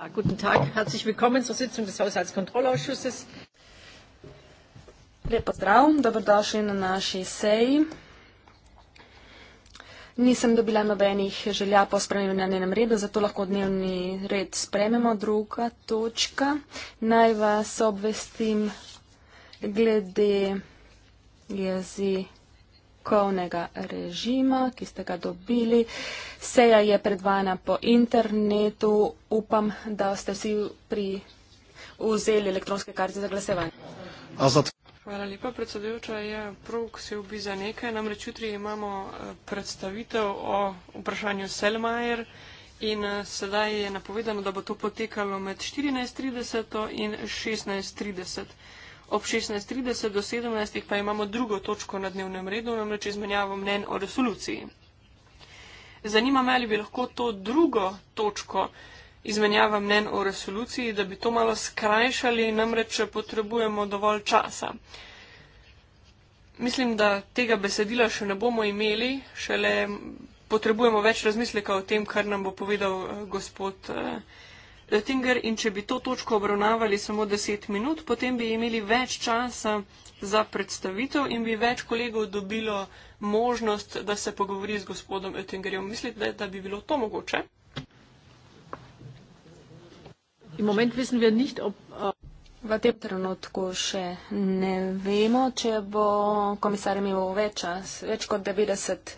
Ja, guten Tag, herzlich willkommen zur Sitzung des Haushaltskontrollausschusses. Lep pozdrav, dobrodošli na naši seji. Nisem dobila nobenih želja po spremljenem redu, zato lahko dnevni red sprememo. Druga točka. Naj vas obvestim glede jezi strokovnega režima, ki ste ga dobili. Seja je predvajana po internetu. Upam, da ste vsi pri vzeli elektronske karte za glasevanje. Hvala lepa, predsedujoča. Ja, prvok se ubi za nekaj. Namreč jutri imamo eh, predstavitev o vprašanju Selmajer in eh, sedaj je napovedano, da bo to potekalo med 14.30 in 16.30. Ob 16.30 do 17. pa imamo drugo točko na dnevnem redu, namreč izmenjavo mnen o resoluciji. Zanima me, ali bi lahko to drugo točko izmenjava mnen o resoluciji, da bi to malo skrajšali, namreč potrebujemo dovolj časa. Mislim, da tega besedila še ne bomo imeli, šele potrebujemo več razmisleka o tem, kar nam bo povedal eh, gospod. Eh, Oettinger in če bi to točko obravnavali samo deset minut, potem bi imeli več časa za predstavitev in bi več kolegov dobilo možnost, da se pogovori z gospodom Oettingerjem. Mislite, da bi bilo to mogoče? Äh, v tem trenutku še ne vemo, če bo komisar imel več čas, več kot 90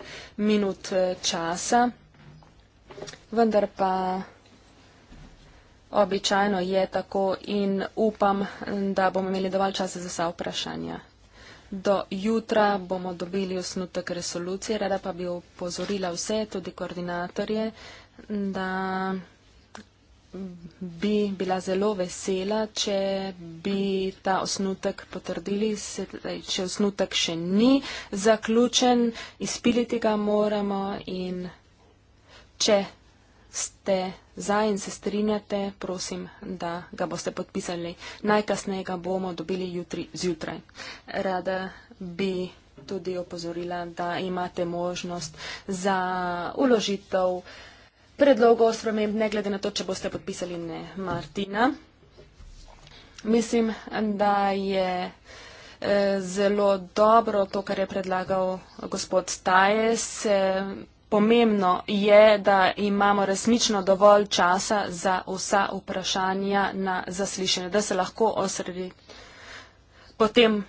minut eh, časa, vendar pa Običajno je tako in upam, da bomo imeli dovolj časa za vsa vprašanja. Do jutra bomo dobili osnutek resolucije, rada pa bi upozorila vse, tudi koordinatorje, da bi bila zelo vesela, če bi ta osnutek potrdili, se, če osnutek še ni zaključen, izpiliti ga moramo in če ste za in se strinjate, prosim, da ga boste podpisali. Najkasneje ga bomo dobili jutri zjutraj. Rada bi tudi opozorila, da imate možnost za uložitev predlogov o sprememb, ne glede na to, če boste podpisali ne Martina. Mislim, da je eh, zelo dobro to, kar je predlagal gospod Tajes. Eh, Pomembno je, da imamo resnično dovolj časa za vsa vprašanja na zaslišanje, da se lahko osredi. Potem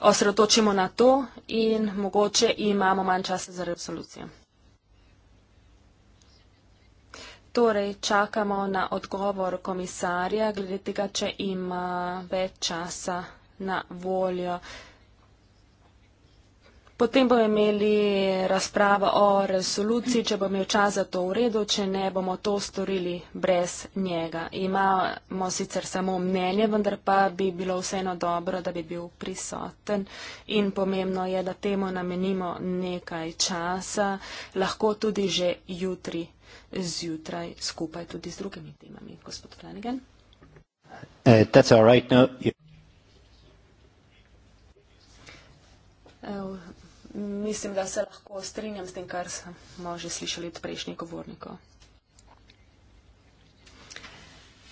osredotočimo na to in mogoče imamo manj časa za resolucijo. Torej, čakamo na odgovor komisarja, glede tega, če ima več časa na voljo. Potem bomo imeli razpravo o resoluciji, če bo imel čas za to v redu, če ne bomo to storili brez njega. Imamo sicer samo mnenje, vendar pa bi bilo vseeno dobro, da bi bil prisoten in pomembno je, da temu namenimo nekaj časa, lahko tudi že jutri zjutraj skupaj tudi z drugimi temami. Gospod Flanagan. Uh, mislim, da se lahko strinjam s tem, kar smo že slišali od prejšnjih govornikov.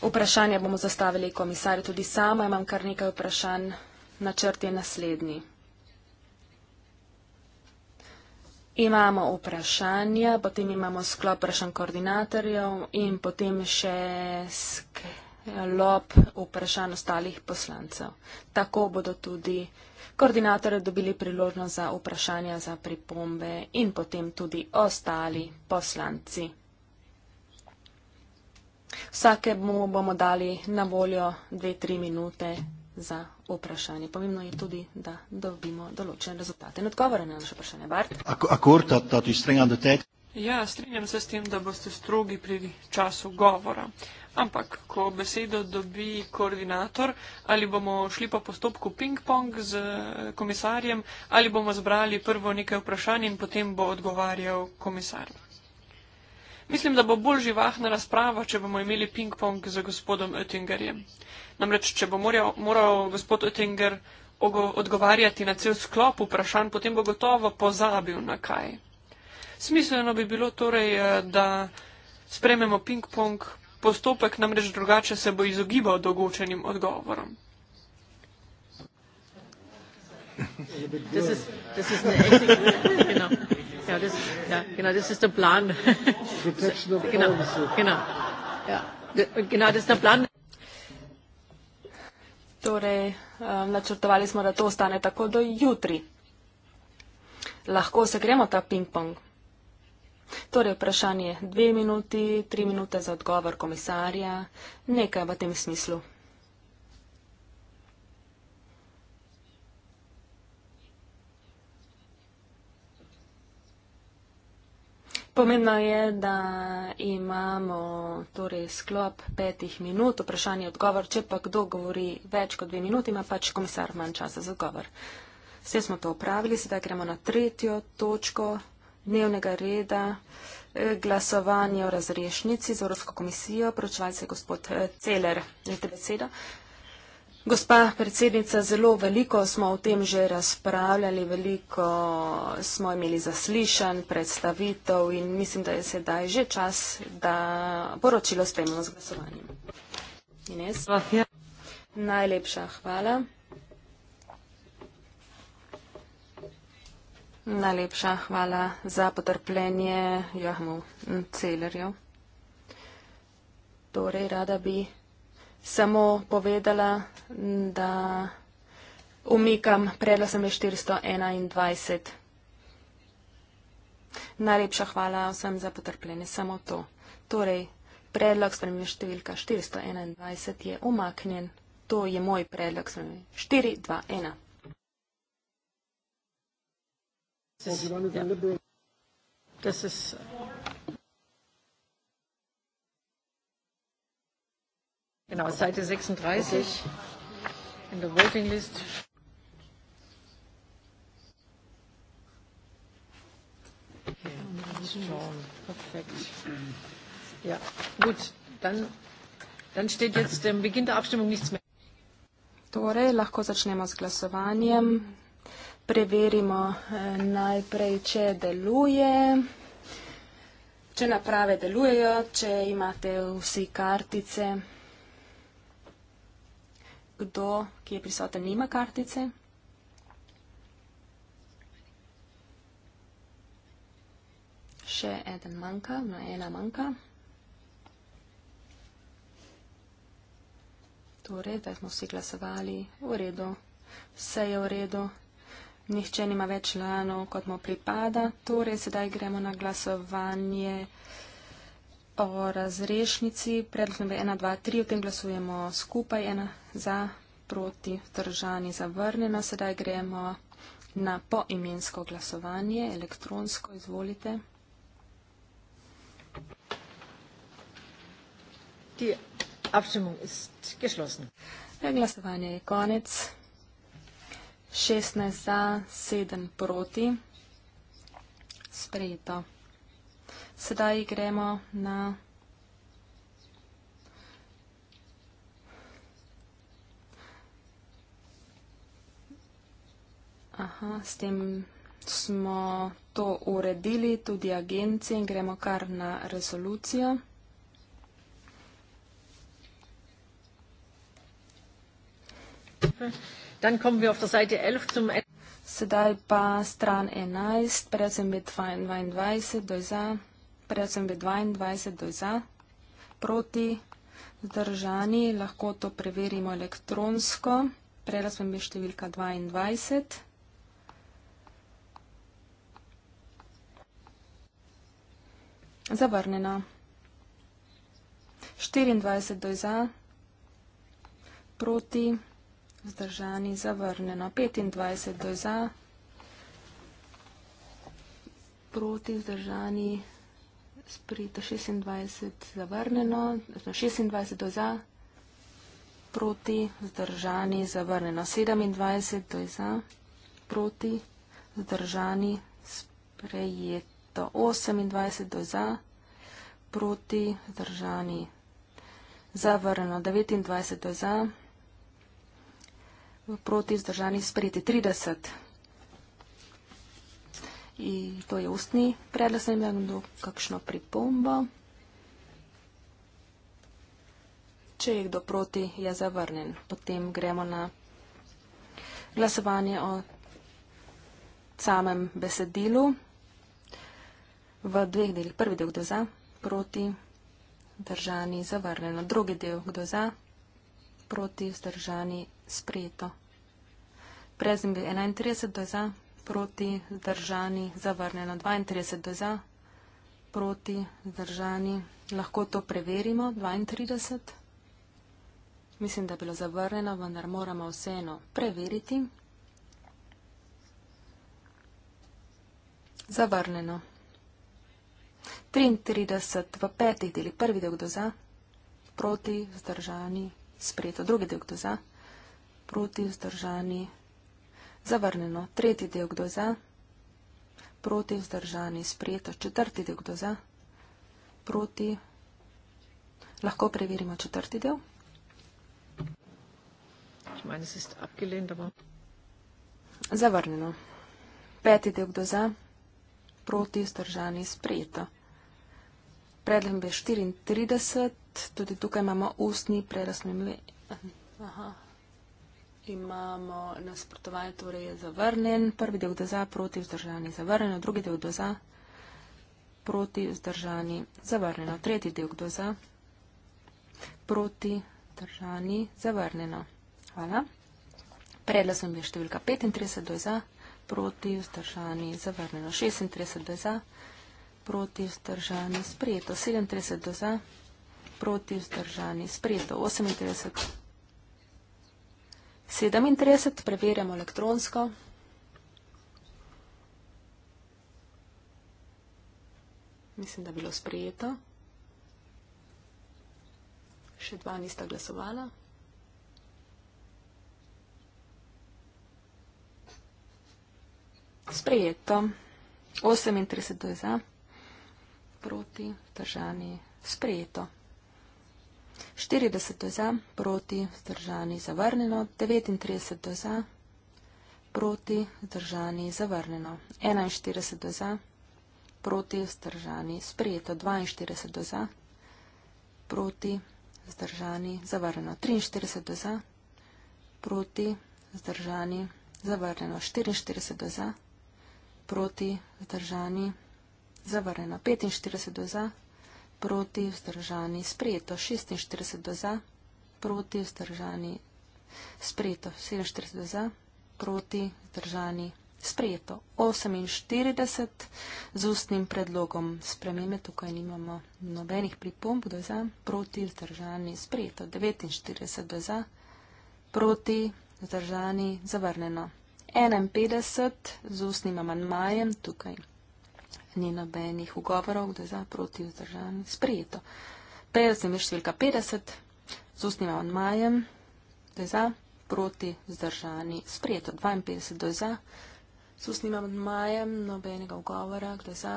Vprašanje bomo zastavili komisarju tudi sama. Imam kar nekaj vprašanj. Načrt je naslednji. Imamo vprašanja, potem imamo sklop vprašanj koordinatorjev in potem še sklop lob vprašanj ostalih poslancev. Tako bodo tudi koordinatorje dobili priložnost za vprašanja, za pripombe in potem tudi ostali poslanci. Vsake mu bomo dali na voljo dve, tri minute za vprašanje. Pomembno je tudi, da dobimo določene rezultate in odgovore na naše vprašanje. Bart? Ako, akorda, Ja, strinjam se s tem, da boste strogi pri času govora. Ampak, ko besedo dobi koordinator, ali bomo šli po postopku ping-pong z eh, komisarjem, ali bomo zbrali prvo nekaj vprašanj in potem bo odgovarjal komisar. Mislim, da bo bolj živahna razprava, če bomo imeli ping-pong z gospodom Oettingerjem. Namreč, če bo moral, moral gospod Oettinger odgovarjati na cel sklop vprašanj, potem bo gotovo pozabil na kaj. Smiselno bi bilo torej, eh, da sprememo ping-pong postopek, namreč drugače se bo izogibal dogočenim odgovorom. Torej, um, načrtovali smo, da to ostane tako do jutri. Lahko se gremo ta ping-pong. Torej vprašanje dve minuti, tri minute za odgovor komisarja, nekaj v tem smislu. Pomembno je, da imamo torej sklop petih minut, vprašanje odgovor, če pa kdo govori več kot dve minuti, ima pač komisar manj časa za odgovor. Vse smo to upravili, sedaj gremo na tretjo točko dnevnega reda eh, glasovanje o razrešnici z Evropsko komisijo. Pročeval se gospod eh, Celer, želite besedo. Gospa predsednica, zelo veliko smo o tem že razpravljali, veliko smo imeli zaslišanj, predstavitev in mislim, da je sedaj že čas, da poročilo spremljamo z glasovanjem. Ines? Najlepša hvala. Najlepša hvala za potrpljenje Johmu Celerju. Torej, rada bi samo povedala, da umikam predlog sem je 421. Najlepša hvala vsem za potrpljenje, samo to. Torej, predlog spremljiva številka 421 je umaknjen. To je moj predlog spremljiva 421. this, well, is, yeah. liberal- this is uh, Genau, Seite 36 in der Voting List. Okay. Perfekt. Ja, gut, dann, dann steht jetzt am Beginn der Abstimmung nichts mehr. Torej, lahko začnemo z glasovanjem preverimo eh, najprej, če deluje, če naprave delujejo, če imate vsi kartice. Kdo, ki je prisoten, nima kartice? Še eden manjka, no ena manjka. Torej, da smo vsi glasovali, v redu, vse je v redu, Nihče nima več članov, kot mu pripada. Torej, sedaj gremo na glasovanje o razrešnici. Predlog nam je 1, 2, 3. O tem glasujemo skupaj. 1 za, proti, držani, zavrnjeno. Sedaj gremo na poimensko glasovanje, elektronsko. Izvolite. Die Abstimmung ist geschlossen. Ja, glasovanje je konec. 16 za, 7 proti. Sprejeto. Sedaj gremo na Aha, s tem smo to uredili, tudi agencije, in gremo kar na rezolucijo. Okay. Sedaj pa stran 11, predvsem bi 22 do za, predvsem bi 22 do za, proti zdržani, lahko to preverimo elektronsko, predvsem bi številka 22. Zavrnjena. 24 do za, proti zdržani vzdržani, zavrnjeno. 25 do za, proti vzdržani, sprita 26 zavrnjeno, 26 no, do za, proti vzdržani, zavrnjeno. 27 do za, proti vzdržani, sprejeto. 28 do za, proti vzdržani, zavrnjeno. 29 do za, proti vzdržani, zavrnjeno proti zdržanih sprejeti 30. In to je ustni predlog, sem imel kdo kakšno pripombo. Če je kdo proti, je zavrnen. Potem gremo na glasovanje o samem besedilu v dveh delih. Prvi del, kdo za, proti, držani, zavrnjeno. Drugi del, kdo za, proti, zdržani, sprejeto. Prezim bi 31 do za, proti zdržani, zavrnjeno 32 do za, proti zdržani. Lahko to preverimo, 32. Mislim, da je bilo zavrnjeno, vendar moramo vseeno preveriti. Zavrnjeno. 33 v petih deli, prvi del do za, proti zdržani, sprejeto, drugi del do za proti vzdržani, zavrnjeno, tretji del kdo za, proti vzdržani, sprejeto, četrti del kdo za, proti, lahko preverimo četrti del. Zavrnjeno. Peti del kdo za, proti vzdržani, sprejeto. Predlog je 34, tudi tukaj imamo ustni predlog. Aha. Imamo nasprotovanje, torej je zavrnen. Prvi del doza proti vzdržani zavrnjeno, drugi del doza proti vzdržani zavrnjeno, tretji del doza proti vzdržani zavrnjeno. Hvala. Predla sem je številka 35 doza proti vzdržani zavrnjeno, 36 doza proti vzdržani sprejeto, 37 doza proti vzdržani sprejeto, 38 doza. 37 preverjamo elektronsko. Mislim, da je bilo sprejeto. Še dva nista glasovala. Sprejeto. 38 je za, proti, držani, sprejeto. 40 za, proti, zdržani, zavrnjeno, 39 za, proti, zdržani, zavrnjeno, 41 za, proti, zdržani, sprejeto, 42 za, proti, zdržani, zavrnjeno, 43 za, proti, zdržani, zavrnjeno, 44 za, proti, zdržani, zavrnjeno, 45 za, proti, zdržani, zavrnjeno, 45 za, proti vzdržani, sprejeto 46 do za, proti vzdržani, sprejeto 47 do za, proti vzdržani, sprejeto 48 z ustnim predlogom spremembe, tukaj nimamo nobenih pripomb do za, proti vzdržani, sprejeto 49 do za, proti vzdržani, zavrneno 51 z ustnim amandmajem tukaj ni nobenih ugovorov, kdo je za proti vzdržan, sprejeto. 50 je številka 50, z ustnim avnmajem, kdo je za proti vzdržani, sprejeto. 52 je za, z ustnim avnmajem, nobenega ugovora, kdo je za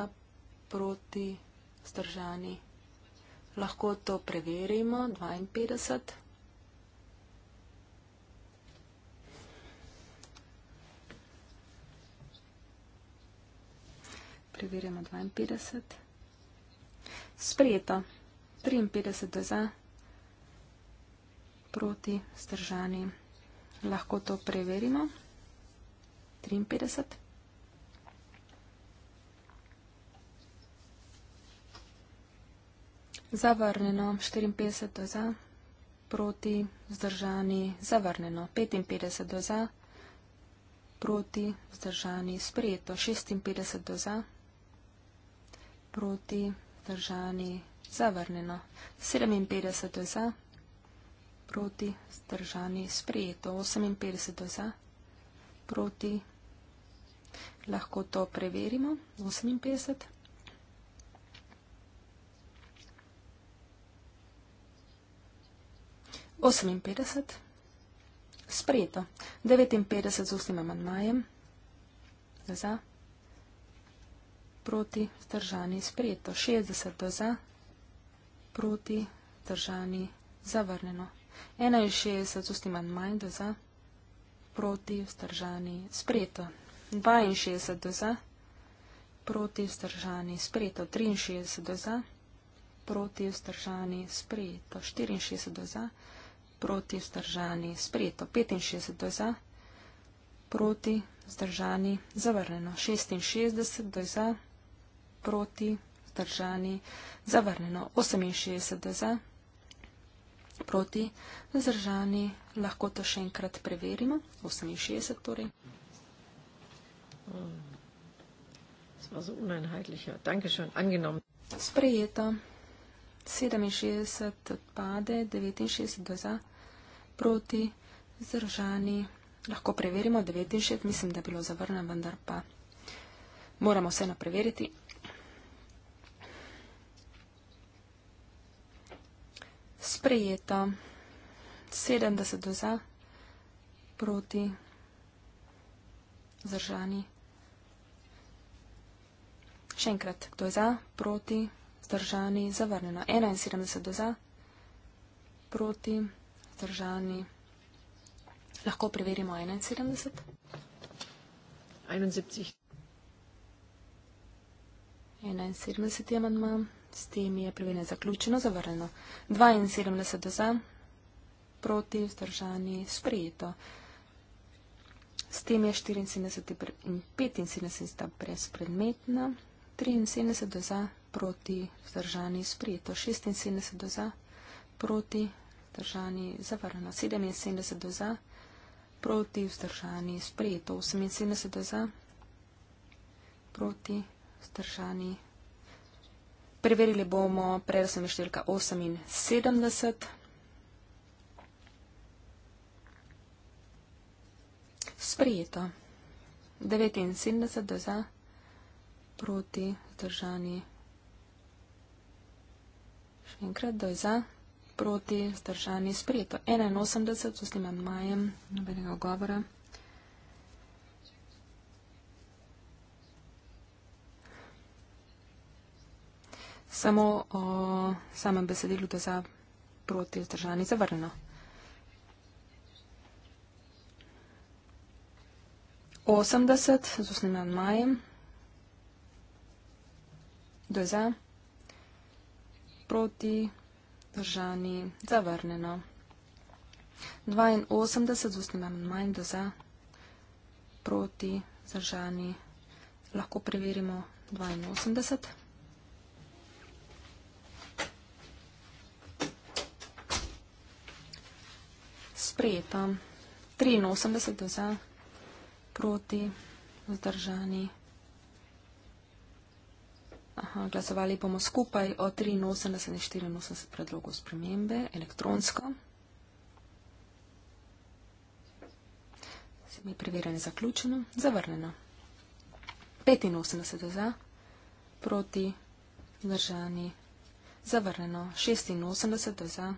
proti vzdržani. Lahko to preverimo, 52. preverjamo 52. Sprejeto. 53 za, proti, zdržani. Lahko to preverimo. 53. Zavrnjeno. 54 za, proti, zdržani. Zavrnjeno. 55 za, proti, zdržani. Sprejeto. 56 za proti, zdržani, zavrnjeno. 57 je za, proti, zdržani, sprejeto. 58 je za, proti, lahko to preverimo. 58. Sprejeto. 59 z ustnim amandmajem. Za proti, zdržani, sprejeto, 60 do za, proti, zdržani, zavrneno, 61 z ustim manj do za, proti, zdržani, sprejeto, 62 do za, proti, zdržani, sprejeto, 63 do za, proti, zdržani, sprejeto, 64 do za, proti, zdržani, sprejeto, 65 do za, proti, zdržani, zavrneno, 66 do za, proti, zdržani, zavrnjeno 68 za, proti, zdržani, lahko to še enkrat preverimo, 68 torej. Smo zelo uneinheitliche, ja. danke schön, angenommen. Sprejeto, 67 odpade, 69 za, proti, zdržani, lahko preverimo, 69, mislim, da je bilo zavrnjeno, vendar pa. Moramo vseeno preveriti. sprejeta. 70 za, proti, zdržani. Še enkrat, kdo je za, proti, zdržani, zavrnjeno. 71 za, proti, zdržani. Lahko preverimo 71. 71. 71 je manj manj. S tem je prvene zaključeno zavrljeno. 72 za, proti, vzdržani, sprejeto. S tem je 74 in 75 brezpredmetna. 73 za, proti, vzdržani, sprejeto. 76 za, proti, vzdržani, zavrljeno. 77 za, proti, vzdržani, sprejeto. 78 za, proti, vzdržani, sprejeto. Preverili bomo predvsem številka 78. Sprijeto. 79 do za, proti, zdržani. Še enkrat do za, proti, zdržani. Sprijeto. 81, s tem imam majem, nobenega govora. samo o samem besedilu, da za proti zdržani zavrnjeno. Osemdeset z usnim nadmajem. Kdo je za? Proti zdržani zavrnjeno. Dvainosemdeset z usnim nadmajem. Kdo je za? Proti zdržani. Lahko preverimo dvainosemdeset. Dvainosemdeset. sprejeta. 83 za, proti, vzdržani. Aha, glasovali bomo skupaj o 83 in 84 predlogov spremembe elektronsko. Se mi preverjanje zaključeno, zavrnjeno. 85 za, proti, vzdržani, zavrnjeno. 86 za,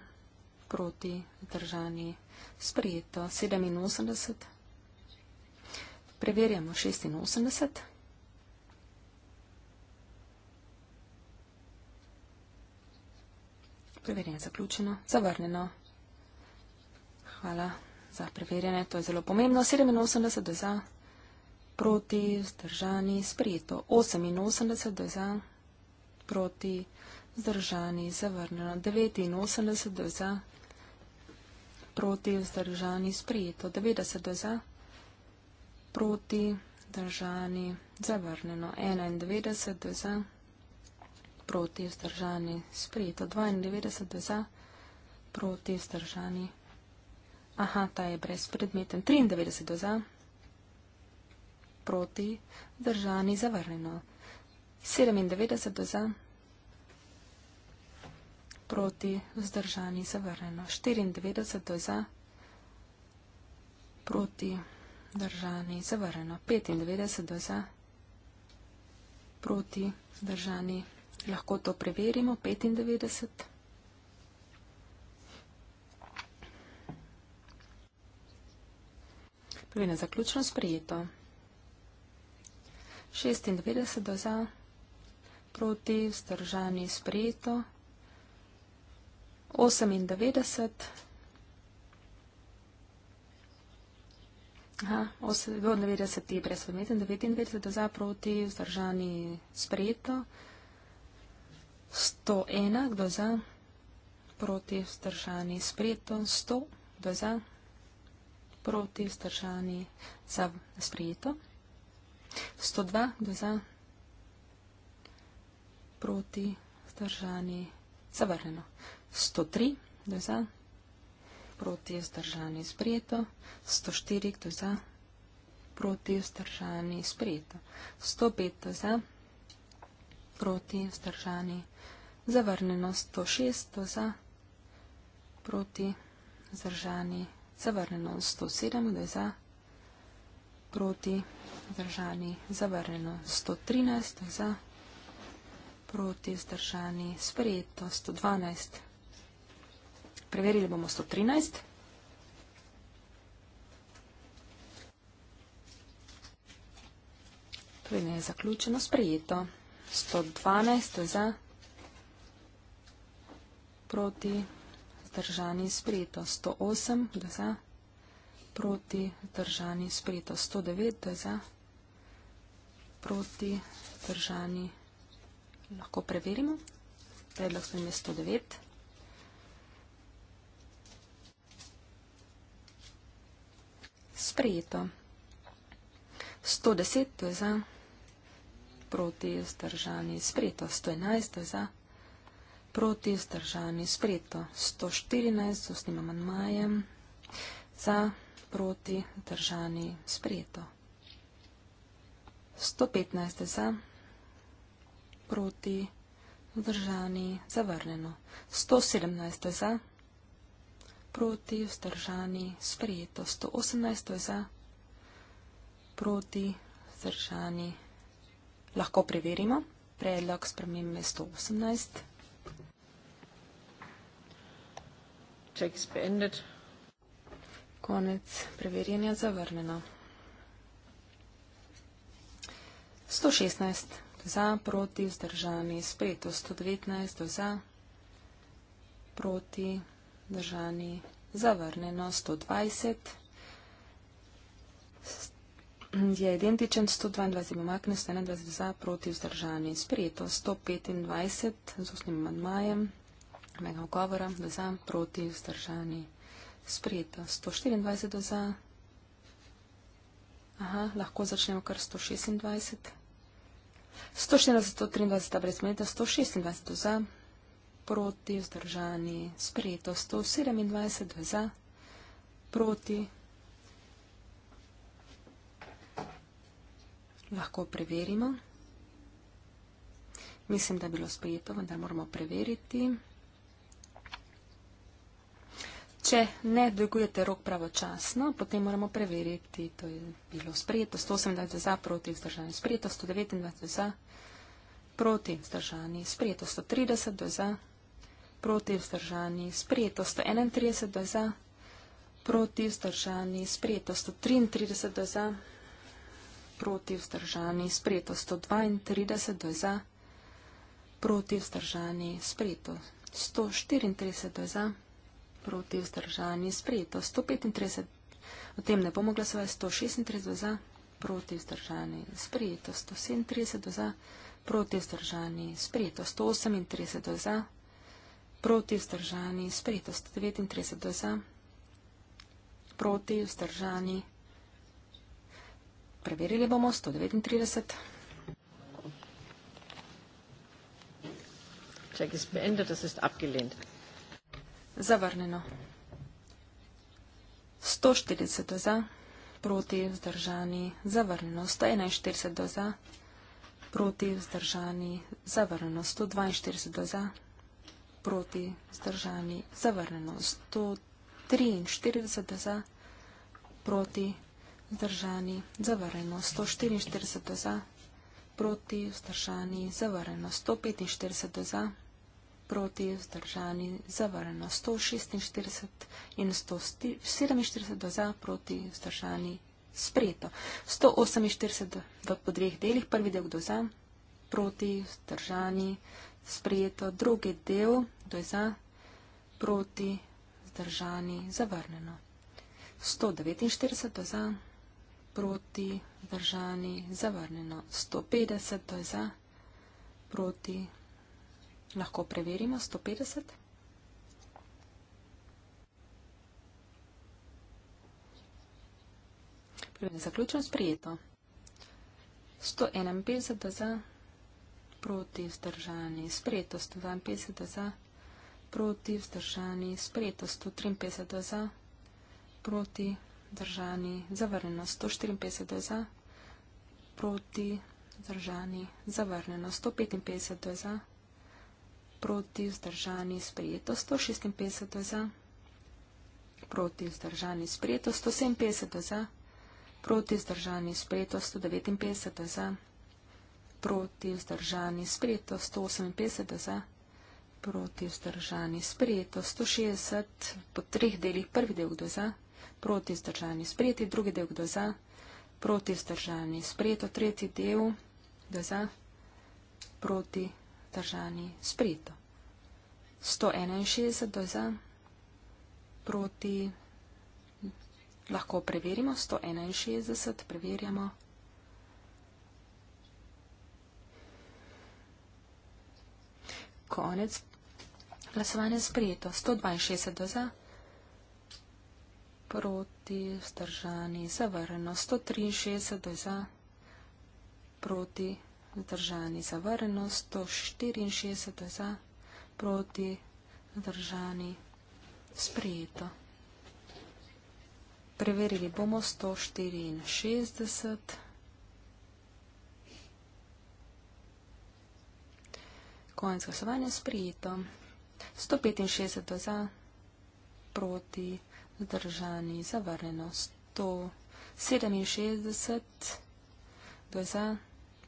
proti, vzdržani. Sprejeto 87. Preverjamo 86. Preverjanje zaključeno. Zavrnjeno. Hvala za preverjanje. To je zelo pomembno. 87 do za. Proti. Zdržani. Sprejeto. 88 do za. Proti. Zdržani. Zavrnjeno. 89 do za proti vzdržani sprejeto 90 za, proti vzdržani zavrneno 91 za, proti vzdržani sprejeto 92 za, proti vzdržani, aha, ta je brezpredmeten, 93 za, proti vzdržani zavrneno 97 za, proti vzdržani zavrneno proti, vzdržani, zavrnjeno. 94 za, proti, vzdržani, zavrnjeno. 95 za, proti, vzdržani, lahko to preverimo, 95. Prvi torej, na zaključno sprejeto. 96 za, proti, vzdržani, sprejeto. 98. Aha, 92 je brezpredmeten, 99 je za proti, vzdržani sprejeto. 101, kdo za proti, vzdržani sprejeto. 100, kdo za proti, vzdržani za sprejeto. 102, kdo za proti, vzdržani zavrneno. 103, kdo je za, proti je zdržani sprejeto, 104, kdo je za, proti je zdržani sprejeto, 105, kdo je za, proti je zdržani zavrnjeno, 106, kdo je za, proti je zdržani zavrnjeno, 107, kdo je za, proti je zdržani zavrnjeno, 113, kdo je za, proti je zdržani sprejeto, 112, kdo je za, Preverili bomo 113. To je zaključeno sprejeto. 112 je za proti zdržani sprejeto. 108 je za proti zdržani sprejeto. 109 je za proti zdržani. Lahko preverimo. Predlog sprejeto je 109. sprejeto. 110 to je za, proti vzdržani sprejeto, 111 to je za, proti vzdržani sprejeto, 114 so s njima manjmajem, za, proti vzdržani sprejeto, 115 to je za, proti vzdržani zavrneno, 117 to je za, proti vzdržani sprejeto, proti vzdržani, sprejeto 118 je za, proti vzdržani, lahko preverimo, predlog spremembe 118. Check expanded. Konec preverjenja zavrneno. 116 za, proti vzdržani, sprejeto 119 je za, proti vzdržani, držani, zavrneno 120, je identičen 122 omakne, 121 za, proti vzdržani, sprejeto 125 z osnim manjmajem, mega ogovora, za, proti vzdržani, sprejeto 124 za, aha, lahko začnemo kar 126, 124, 123, brez menita, 126 za, proti, vzdržani, sprejeto 127 za, proti. Lahko preverimo. Mislim, da je bilo sprejeto, vendar moramo preveriti. Če ne dvigujete rok pravočasno, potem moramo preveriti, to je bilo sprejeto 128 za, proti vzdržani, sprejeto 129 za, proti vzdržani, sprejeto 130 za proti vzdržani, sprejeto 131 do za, proti vzdržani, sprejeto 133 do za, proti vzdržani, sprejeto 132 do za, proti vzdržani, sprejeto 134 do za, proti vzdržani, sprejeto 135, o tem ne bomo glasovali, 136 do za, proti vzdržani, sprejeto 137 do za, proti vzdržani, sprejeto 138 do za, proti vzdržani, sprejeto 139 do za, proti vzdržani, preverili bomo 139. Check is beendet, das ist abgelehnt. Zavrneno. 140 do za, proti vzdržani, zavrneno. 141 do za, proti vzdržani, zavrneno. 142 do za, zavrneno proti zdržani zavrnjeno. 143 za proti zdržani zavrnjeno. 144 za proti zdržani zavrnjeno. 145 za proti zdržani zavrnjeno. 146 in 147 za proti zdržani sprejeto. 148 v podreh delih, prvi del do za, proti zdržani zavrnjeno sprejeto drugi del, to je za, proti, zdržani, zavrnjeno. 149, to je za, proti, zdržani, zavrnjeno. 150, to je za, proti, lahko preverimo, 150. Zaključujem sprijeto. 151 za, proti vzdržani, sprejeto 152 za, proti vzdržani, sprejeto 153 za, proti vzdržani, zavrnjeno 154 za, proti vzdržani, zavrnjeno 155 za, proti vzdržani, sprejeto 156 za, proti vzdržani, sprejeto 157 za, proti vzdržani, sprejeto 159 za, proti vzdržani, sprejeto 159 za, proti vzdržani sprejeto 158, proti vzdržani sprejeto 160, po treh delih prvi del kdo za, proti vzdržani sprejeti drugi del kdo za, proti vzdržani sprejeto tretji del kdo za, proti vzdržani sprejeto 161 kdo za, proti, lahko preverimo 161, preverjamo 161. konec. Glasovanje je sprejeto. 162 do za, proti, zdržani, zavrjeno. 163 do za, proti, zdržani, zavrjeno. 164 do za, proti, zdržani, sprejeto. Preverili bomo 164. Konec glasovanja sprijeto. 165 za, proti, zdržani, zavrnjeno. 167 za,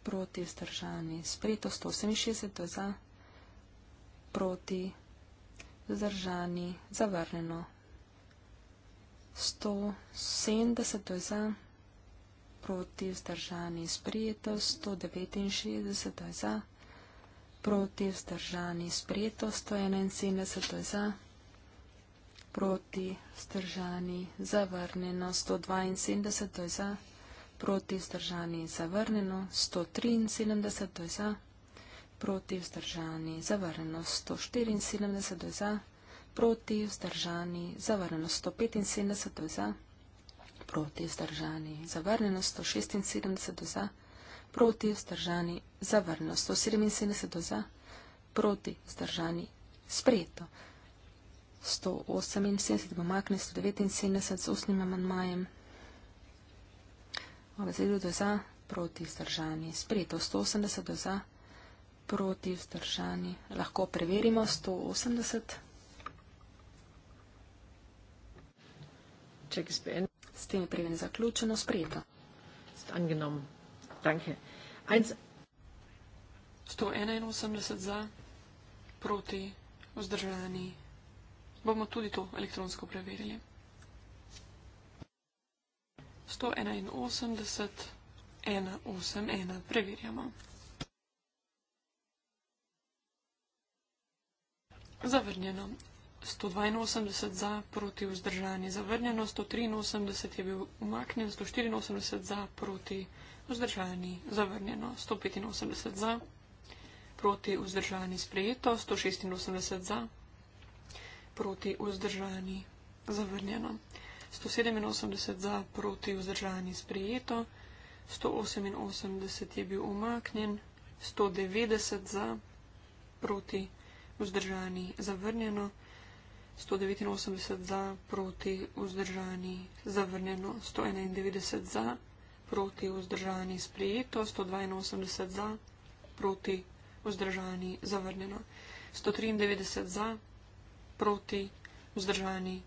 proti, zdržani, sprijeto. 168 za, proti, zdržani, zavrnjeno. 170 za, proti, zdržani, sprijeto. 169 za, proti, zdržani, sprijeto proti vzdržani sprejeto 171 za, proti vzdržani zavrnjeno 172 za, proti vzdržani zavrnjeno 173 za, proti vzdržani zavrnjeno 174 za, proti vzdržani zavrnjeno 175 za, proti vzdržani zavrnjeno 176 za, proti proti vzdržani zavrnjeno, 177 za, proti vzdržani sprejeto, 178 bo makne, 179 z ustnim amandmajem, obzirjo do za, proti vzdržani sprejeto, 180 do za, proti vzdržani, lahko preverimo, 180. Check is been. S tem je preven zaključeno, sprejeto. Angenommen. Danke. Eins. 181 za, proti, vzdržani. Bomo tudi to elektronsko preverili. 181, 181, preverjamo. Zavrnjeno. 182 za, proti, vzdržani. Zavrnjeno. 183 je bil umaknjen, 184 za, proti, vzdržani vzdržani zavrnjeno 185 za, proti vzdržani sprejeto 186 za, proti vzdržani zavrnjeno 187 za, proti vzdržani sprejeto 188 je bil umaknjen, 190 za, proti vzdržani zavrnjeno. 189 za, proti vzdržani zavrnjeno, 191 za proti vzdržani sprejeto, 182 za, proti vzdržani zavrnjeno, 193 za, proti vzdržani.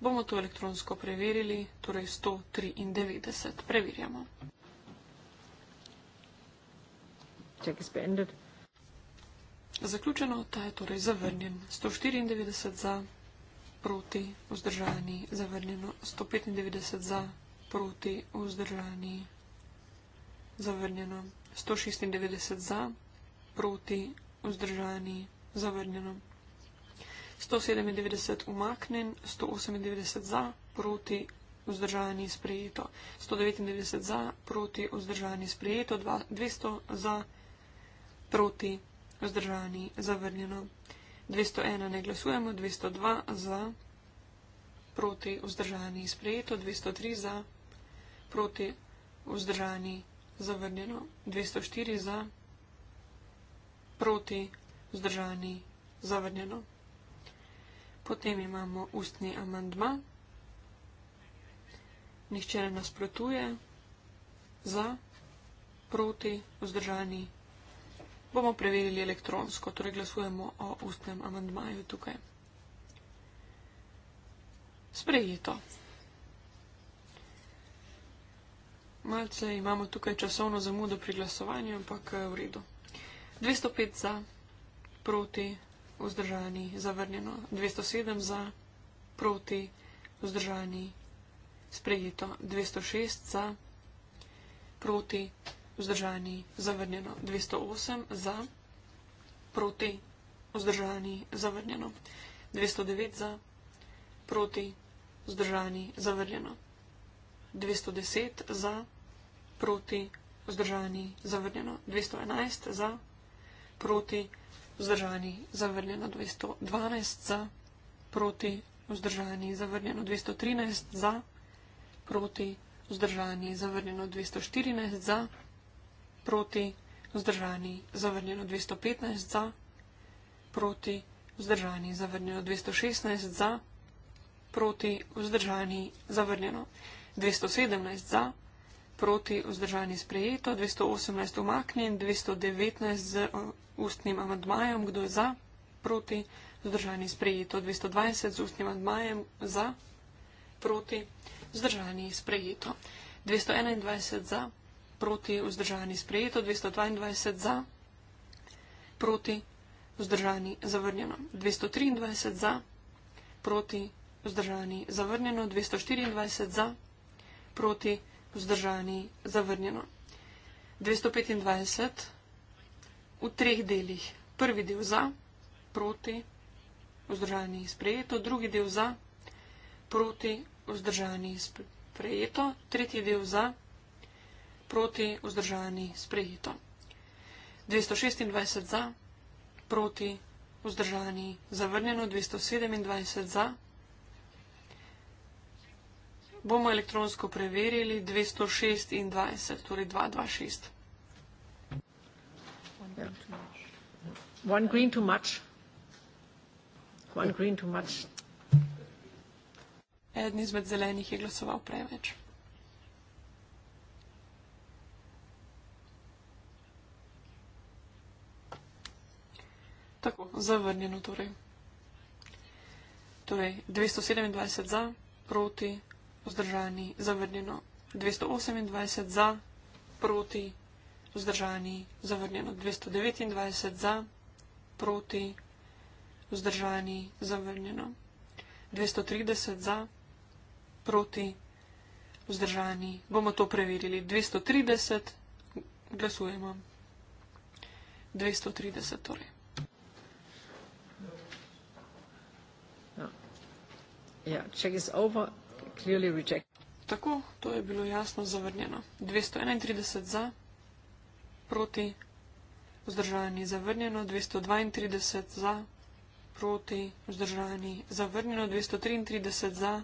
Bomo to elektronsko preverili, torej 193 preverjamo. Zaključeno, ta je torej zavrnjen. 194 za, proti, vzdržani, zavrnjeno, 195 za, proti vzdržani. Zavrnjeno. 196 za, proti vzdržani. Zavrnjeno. 197 umaknen, 198 za, proti vzdržani sprejeto. 199 za, proti vzdržani sprejeto. 200 za, proti vzdržani zavrnjeno. 201 ne glasujemo, 202 za, proti vzdržani sprejeto. 203 za, proti, vzdržani, zavrnjeno, 204 za, proti, vzdržani, zavrnjeno. Potem imamo ustni amandma, nihče ne nasprotuje, za, proti, vzdržani. Bomo preverili elektronsko, torej glasujemo o ustnem amandmaju tukaj. Sprejeto. Malce imamo tukaj časovno zamudo pri glasovanju, ampak eh, v redu. 205 za, proti, vzdržani, zavrnjeno. 207 za, proti, vzdržani, sprejeto. 206 za, proti, vzdržani, zavrnjeno. 208 za, proti, vzdržani, zavrnjeno. 209 za, proti, vzdržani, zavrnjeno. 210 za, proti, vzdržani, zavrnjeno proti, vzdržani, zavrnjeno 211 za, proti, vzdržani, zavrnjeno 212 za, proti, vzdržani, zavrnjeno 213 za, proti, vzdržani, zavrnjeno 214 za, proti, vzdržani, zavrnjeno 215 za, proti, vzdržani, zavrnjeno 216 za, proti, vzdržani, zavrnjeno 217 za, proti, vzdržani, zavrnjeno 217 za, proti vzdržanje sprejeto, 218 omaknjen, 219 z uh, ustnim amadmajem, kdo je za, proti vzdržanje sprejeto, 220 z ustnim amadmajem, za, proti vzdržanje sprejeto, 221 za, proti vzdržanje sprejeto, 222 za, proti vzdržanje zavrnjeno, 223 za, proti vzdržanje zavrnjeno, 224 za, proti vzdržanje zavrnjeno, vzdržani, zavrnjeno. 225 v treh delih. Prvi del za, proti, vzdržani, sprejeto, drugi del za, proti, vzdržani, sprejeto, tretji del za, proti, vzdržani, sprejeto. 226 za, proti, vzdržani, zavrnjeno, 227 za bomo elektronsko preverili 226, torej 226. One green too much. One green too much. Eden izmed zelenih je glasoval preveč. Tako, zavrnjeno torej. Torej, 227 za, proti, vzdržani, zavrnjeno 228 za, proti, vzdržani, zavrnjeno 229 za, proti, vzdržani, zavrnjeno 230 za, proti, vzdržani. Bomo to preverili. 230, glasujemo. 230 torej. Ja, check is over clearly rejected. Tako, to je bilo jasno zavrnjeno. 231 za, proti, vzdržani zavrnjeno, 232 za, proti, vzdržani zavrnjeno, 233 za,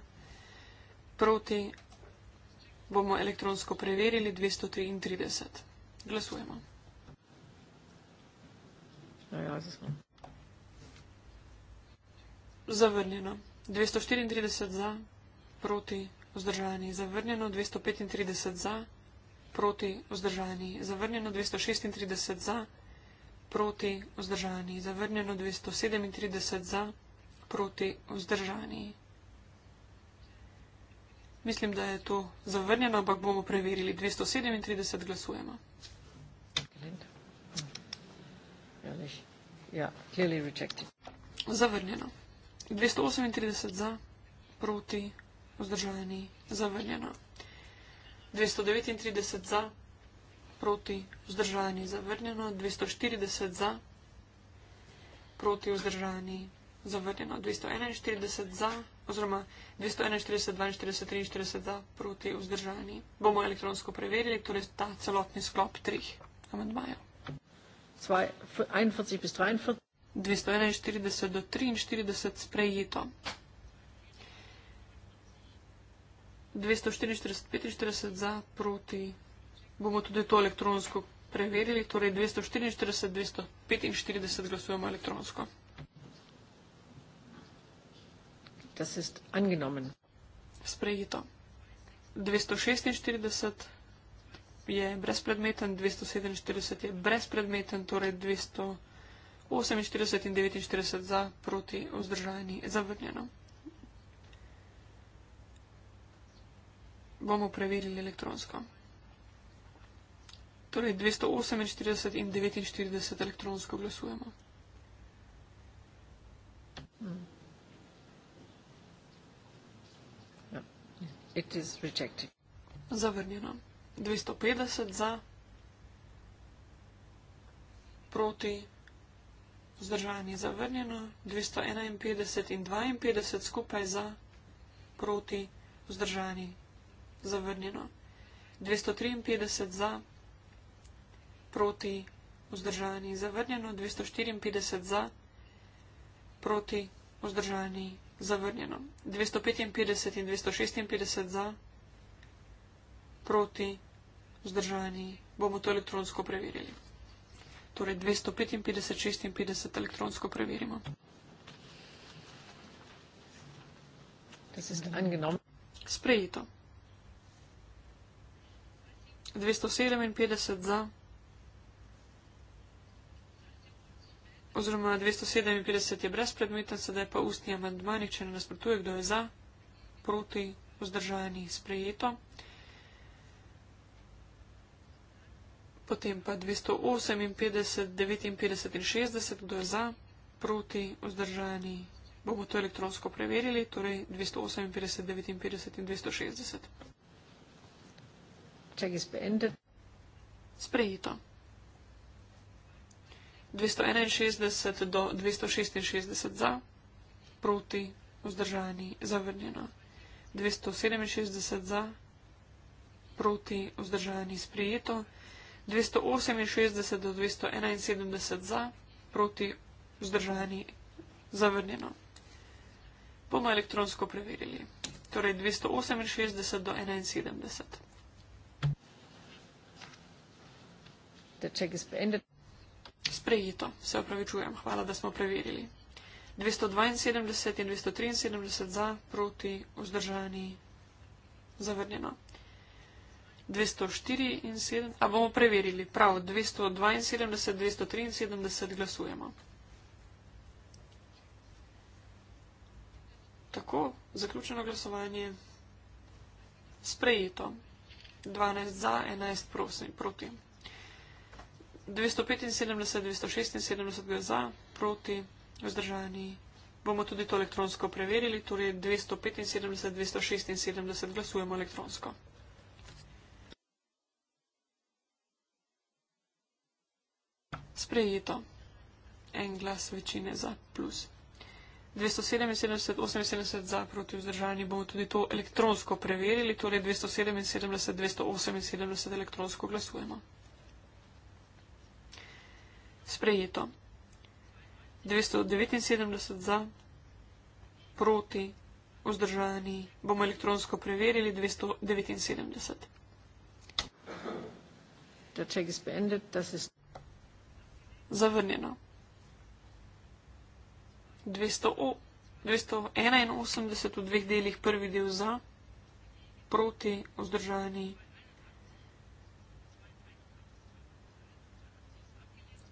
proti, bomo elektronsko preverili, 233. Glasujemo. No, ja, zavrnjeno. 234 za proti, vzdržani, zavrnjeno 235 za, proti, vzdržani, zavrnjeno 236 za, proti, vzdržani, zavrnjeno 237 za, proti, vzdržani. Mislim, da je to zavrnjeno, ampak bomo preverili. 237 glasujemo. Ja, ja, zavrnjeno. 238 za, proti, vzdržani, zavrnjeno. 239 za, proti, vzdržani, zavrnjeno, 240 za, proti, vzdržani, zavrnjeno, 241 za, oziroma 241, 42, 43 za, proti, vzdržani. Bomo elektronsko preverili, torej ta celotni sklop trih amendmajev. 241 do 43 sprejeto. 244, 45 za, proti. Bomo tudi to elektronsko preverili, torej 244, 245 glasujemo elektronsko. Das ist angenommen. Sprejito. 246 je brezpredmeten, 247 je brezpredmeten, torej 248 in 49 za, proti, vzdržajni, zavrnjeno. bomo preverili elektronsko. Torej 248 in 49 elektronsko glasujemo. Mm. Zavrnjeno. 250 za, proti, vzdržanje zavrnjeno, 251 in 52 skupaj za, proti, vzdržanje zavrnjeno, 253 za, proti, vzdržani, zavrnjeno, 254 za, proti, vzdržani, zavrnjeno, 255 in 256 za, proti, vzdržani, bomo to elektronsko preverili. Torej 255, 56 elektronsko preverimo. Sprejito. 257 za. Oziroma 257 je brezpredmeten, sedaj pa ustni amandmani, če ne nasprotuje, kdo je za, proti, vzdržani, sprejeto. Potem pa 258, 59 in 60, kdo je za, proti, vzdržani, bomo to elektronsko preverili, torej 258, 59 in 260. Check is beendet. Sprejeto. 261 do 266 za, proti, vzdržani, zavrnjeno. 267 za, proti, vzdržani, sprejeto. 268 do 271 za, proti, vzdržani, zavrnjeno. Bomo elektronsko preverili. Torej 268 do 271. Check is ended. Sprejeto, se opravičujem, hvala, da smo preverili. 272 in 273 za, proti, vzdržani, zavrnjeno. 274, a bomo preverili, prav, 272, 273 glasujemo. Tako, zaključeno glasovanje, sprejeto. 12 za, 11 prosim, proti. 275, 276 za, proti, vzdržani. Bomo tudi to elektronsko preverili, torej 275, 276 glasujemo elektronsko. Sprejeto. En glas večine za plus. 277, 78 za proti vzdržani bomo tudi to elektronsko preverili, torej 277, 278 elektronsko glasujemo sprejeto. 279 za, proti, vzdržani. Bomo elektronsko preverili 279. Zavrnjeno. 281 v dveh delih, prvi del za, proti, vzdržani.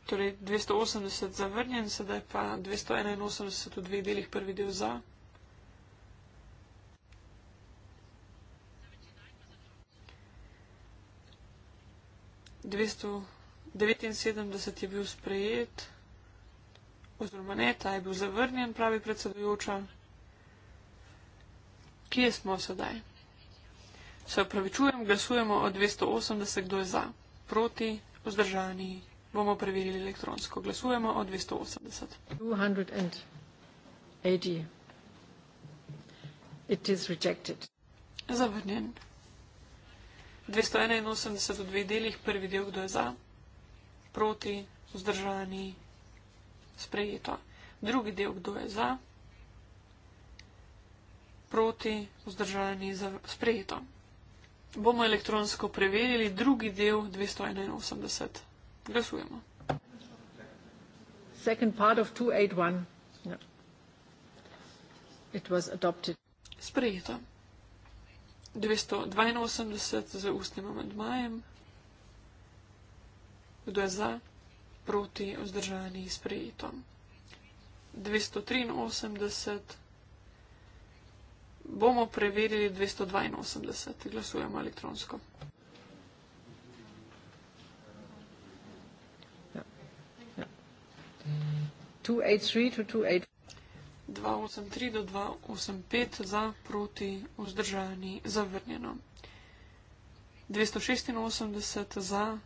Torej 280 zavrnjen, sedaj pa 281 v dveh delih prvi del za. Devetinsedemdeset je bil sprejet, oziroma ne, ta je bil zavrnjen, pravi predsedujoča. Kje smo sedaj? Se opravičujem, glasujemo o 280, kdo je za, proti, vzdržani bomo preverili elektronsko. Glasujemo o 280. Zavrnjen. 281 v dveh delih, prvi del, kdo je za, proti, vzdržani, sprejeto. Drugi del, kdo je za, proti, vzdržani, sprejeto. Bomo elektronsko preverili drugi del 281. Glasujemo. Sprejeto. 282 z ustnim amendmajem. Kdo je za? Proti vzdržani sprejeto. 283. Bomo preverili 282. Glasujemo elektronsko. 283 do 285 za, proti, vzdržani, zavrnjeno. 286 za,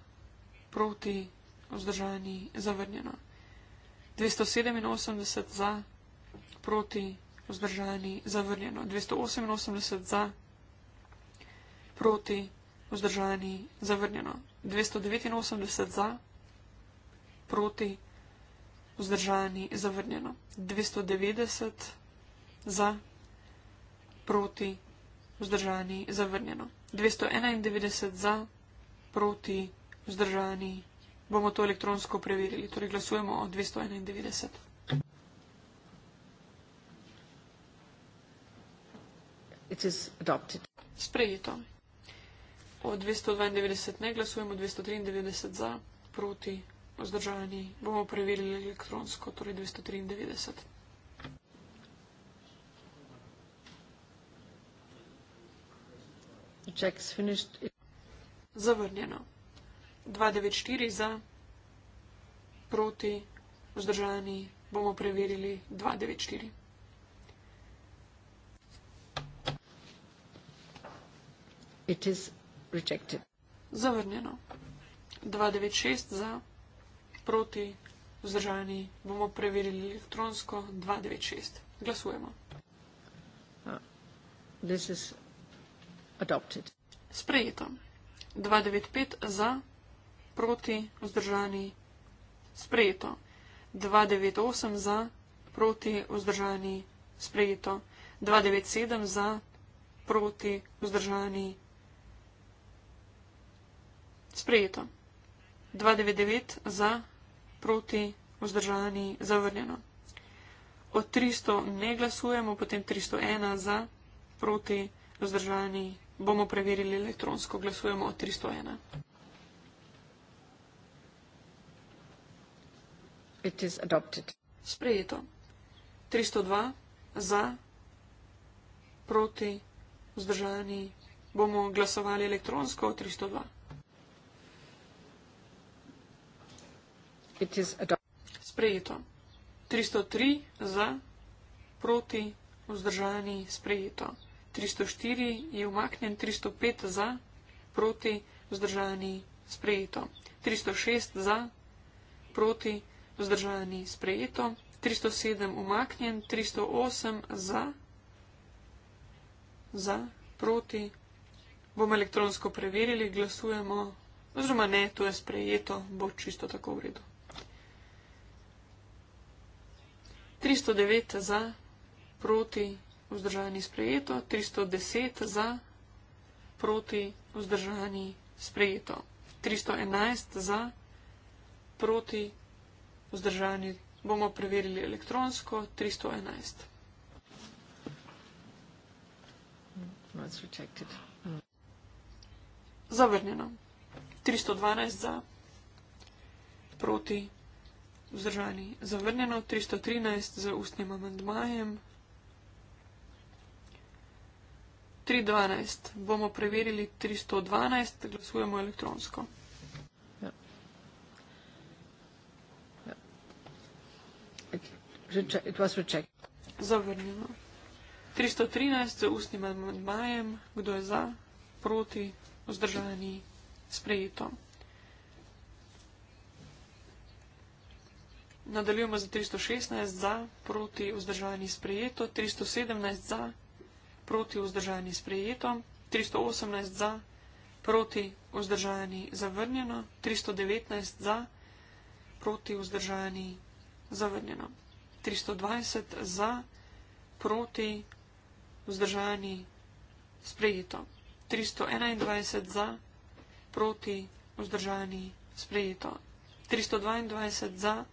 proti, vzdržani, zavrnjeno. 287 za, proti, vzdržani, zavrnjeno. 288 za, proti, vzdržani, zavrnjeno. 289 za, proti, vzdržani, zavrnjeno vzdržani zavrnjeno. 290 za, proti, vzdržani zavrnjeno. 291 za, proti, vzdržani. Bomo to elektronsko preverili, torej glasujemo o 291. It is adopted. Sprejeto. O 292 ne glasujemo, 293 za, proti, vzdržani, bomo preverili elektronsko, torej 293. Checks finished. Zavrnjeno. 294 za, proti, vzdržani, bomo preverili 294. It is rejected. Zavrnjeno. 296 za proti, vzdržani, bomo preverili elektronsko 296. Glasujemo. Ah, this is adopted. Sprejeto. 295 za, proti, vzdržani, sprejeto. 298 za, proti, vzdržani, sprejeto. 297 za, proti, vzdržani, sprejeto. 299 za, proti, vzdržani, zavrnjeno. Od 300 ne glasujemo, potem 301 za, proti, vzdržani, bomo preverili elektronsko, glasujemo od 301. Sprejeto. 302 za, proti, vzdržani, bomo glasovali elektronsko, 302. Sprejeto. 303 za, proti, vzdržani, sprejeto. 304 je umaknjen, 305 za, proti, vzdržani, sprejeto. 306 za, proti, vzdržani, sprejeto. 307 umaknjen, 308 za, za, proti. Bomo elektronsko preverili, glasujemo. Oziroma ne, to je sprejeto, bo čisto tako v redu. 309 za, proti, vzdržani, sprejeto, 310 za, proti, vzdržani, sprejeto, 311 za, proti, vzdržani, bomo preverili elektronsko, 311. Zavrnjeno. 312 za, proti, vzdržani. Zavrnjeno 313 z ustnim amendmajem. 312. Bomo preverili 312. Glasujemo elektronsko. Zavrnjeno. 313 z ustnim amendmajem. Kdo je za? Proti? Vzdržani? Sprejeto. Nadaljujemo z 316 za, proti vzdržani sprejeto, 317 za, proti vzdržani sprejeto, 318 za, proti vzdržani zavrnjeno, 319 za, proti vzdržani zavrnjeno, 320 za, proti vzdržani sprejeto, 321 za, proti vzdržani sprejeto, 322 za, proti vzdržani sprejeto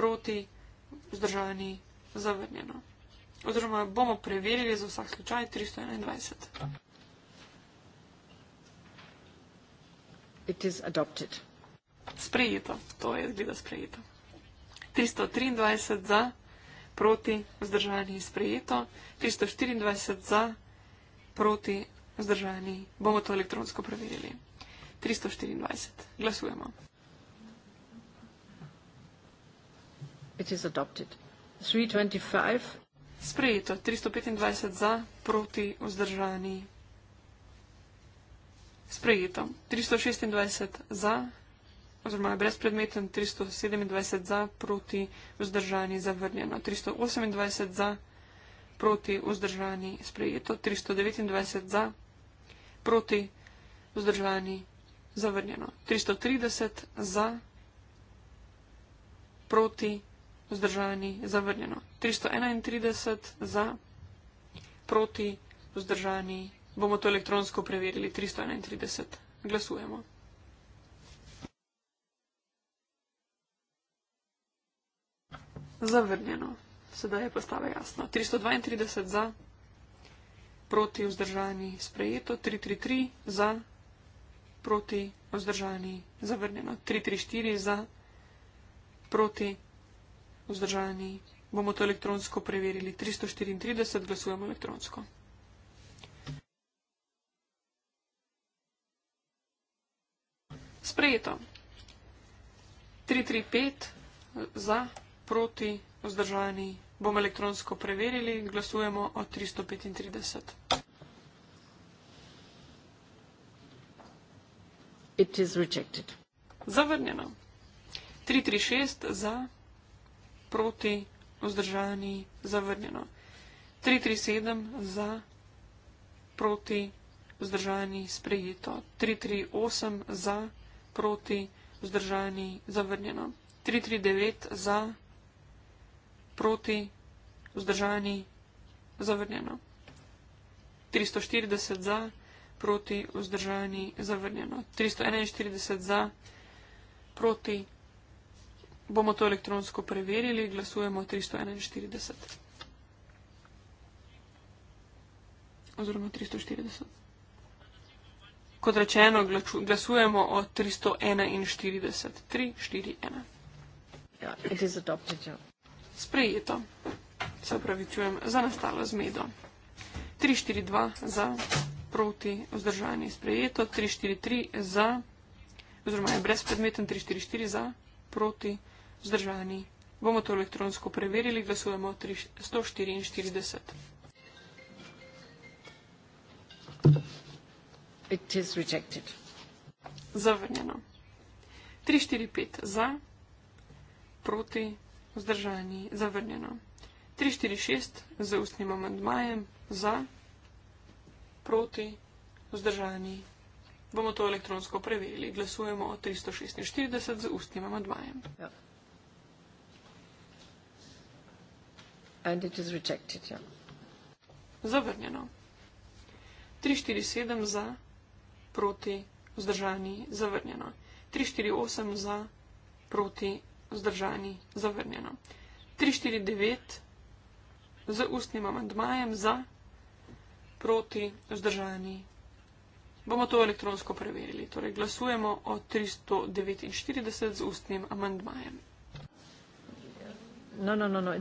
proti, vzdržani, zavrnjeno. Oziroma bomo preverili za vsak slučaj 321. Sprejeto, to je zgleda sprejeto. 323 za, proti, vzdržani, sprejeto. 324 za, proti, vzdržani. Bomo to elektronsko preverili. 324. Glasujemo. It is adopted. 325. Sprejeto. 325 za, proti, vzdržani. Sprejeto. 326 za, oziroma brezpredmeten, 327 za, proti, vzdržani, zavrnjeno. 328 za, proti, vzdržani, sprejeto. 329 za, proti, vzdržani, zavrnjeno. 330 za, proti, vzdržani vzdržani, zavrnjeno. 331 za, proti, vzdržani, bomo to elektronsko preverili, 331. Glasujemo. Zavrnjeno. Sedaj je postava jasna. 332 za, proti, vzdržani, sprejeto. 333 za, proti, vzdržani, zavrnjeno. 334 za, proti, vzdržani vzdržani. Bomo to elektronsko preverili. 334 glasujemo elektronsko. Sprejeto. 335 za, proti, vzdržani. Bomo elektronsko preverili. Glasujemo o 335. It is rejected. Zavrnjeno. 336 za, proti, vzdržani, zavrnjeno. 337 za, proti, vzdržani, sprejeto. 338 za, proti, vzdržani, zavrnjeno. 339 za, proti, vzdržani, zavrnjeno. 340 za, proti, vzdržani, zavrnjeno. 341 za, proti, vzdržani, zavrnjeno. Bomo to elektronsko preverili, glasujemo 341. Oziroma 340. Kot rečeno, glasujemo o 341. 3, 4, 1. Yeah, it is adopted, yeah. Ja. Sprejeto. Se pravi, čujem za nastalo zmedo. 3, 4, 2 za proti vzdržanje sprejeto. 3, 4, 3 za, oziroma je brezpredmeten, 3, 4, 4 za proti vzdržanje. Zdržani. Bomo to elektronsko preverili. Glasujemo 144. It is rejected. Zavrnjeno. 345 za, proti, vzdržani, zavrnjeno. 346 za ustnim amandmajem, za, proti, vzdržani. Bomo to elektronsko preverili. Glasujemo o 346 za ustnim amandmajem. Yep. Ja. And it is rejected, ja. Zavrnjeno. 347 za, proti, vzdržani, zavrnjeno. 348 za, proti, vzdržani, zavrnjeno. 349 z ustnim amandmajem za, proti, vzdržani. Bomo to elektronsko preverili. Torej, glasujemo o 349 z ustnim amandmajem. No, no, no, no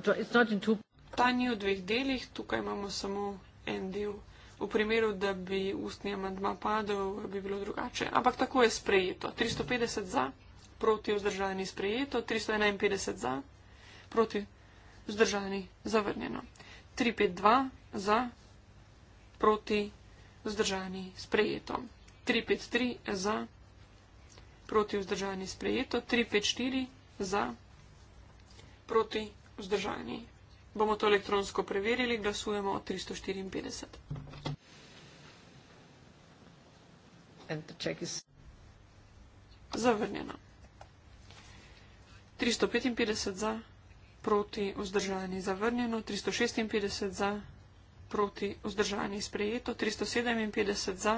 ta ni v dveh delih, tukaj imamo samo en del. V primeru, da bi ustni amandma padel, bi bilo drugače. Ampak tako je sprejeto. 350 za, proti vzdržani sprejeto, 351 za, proti vzdržani zavrnjeno. 352 za, proti vzdržani sprejeto. 353 za, proti vzdržani sprejeto. 354 za, proti vzdržani bomo to elektronsko preverili, glasujemo o 354. Is... Zavrnjeno. 355 za, proti vzdržani zavrnjeno, 356 za, proti vzdržani sprejeto, 357 za,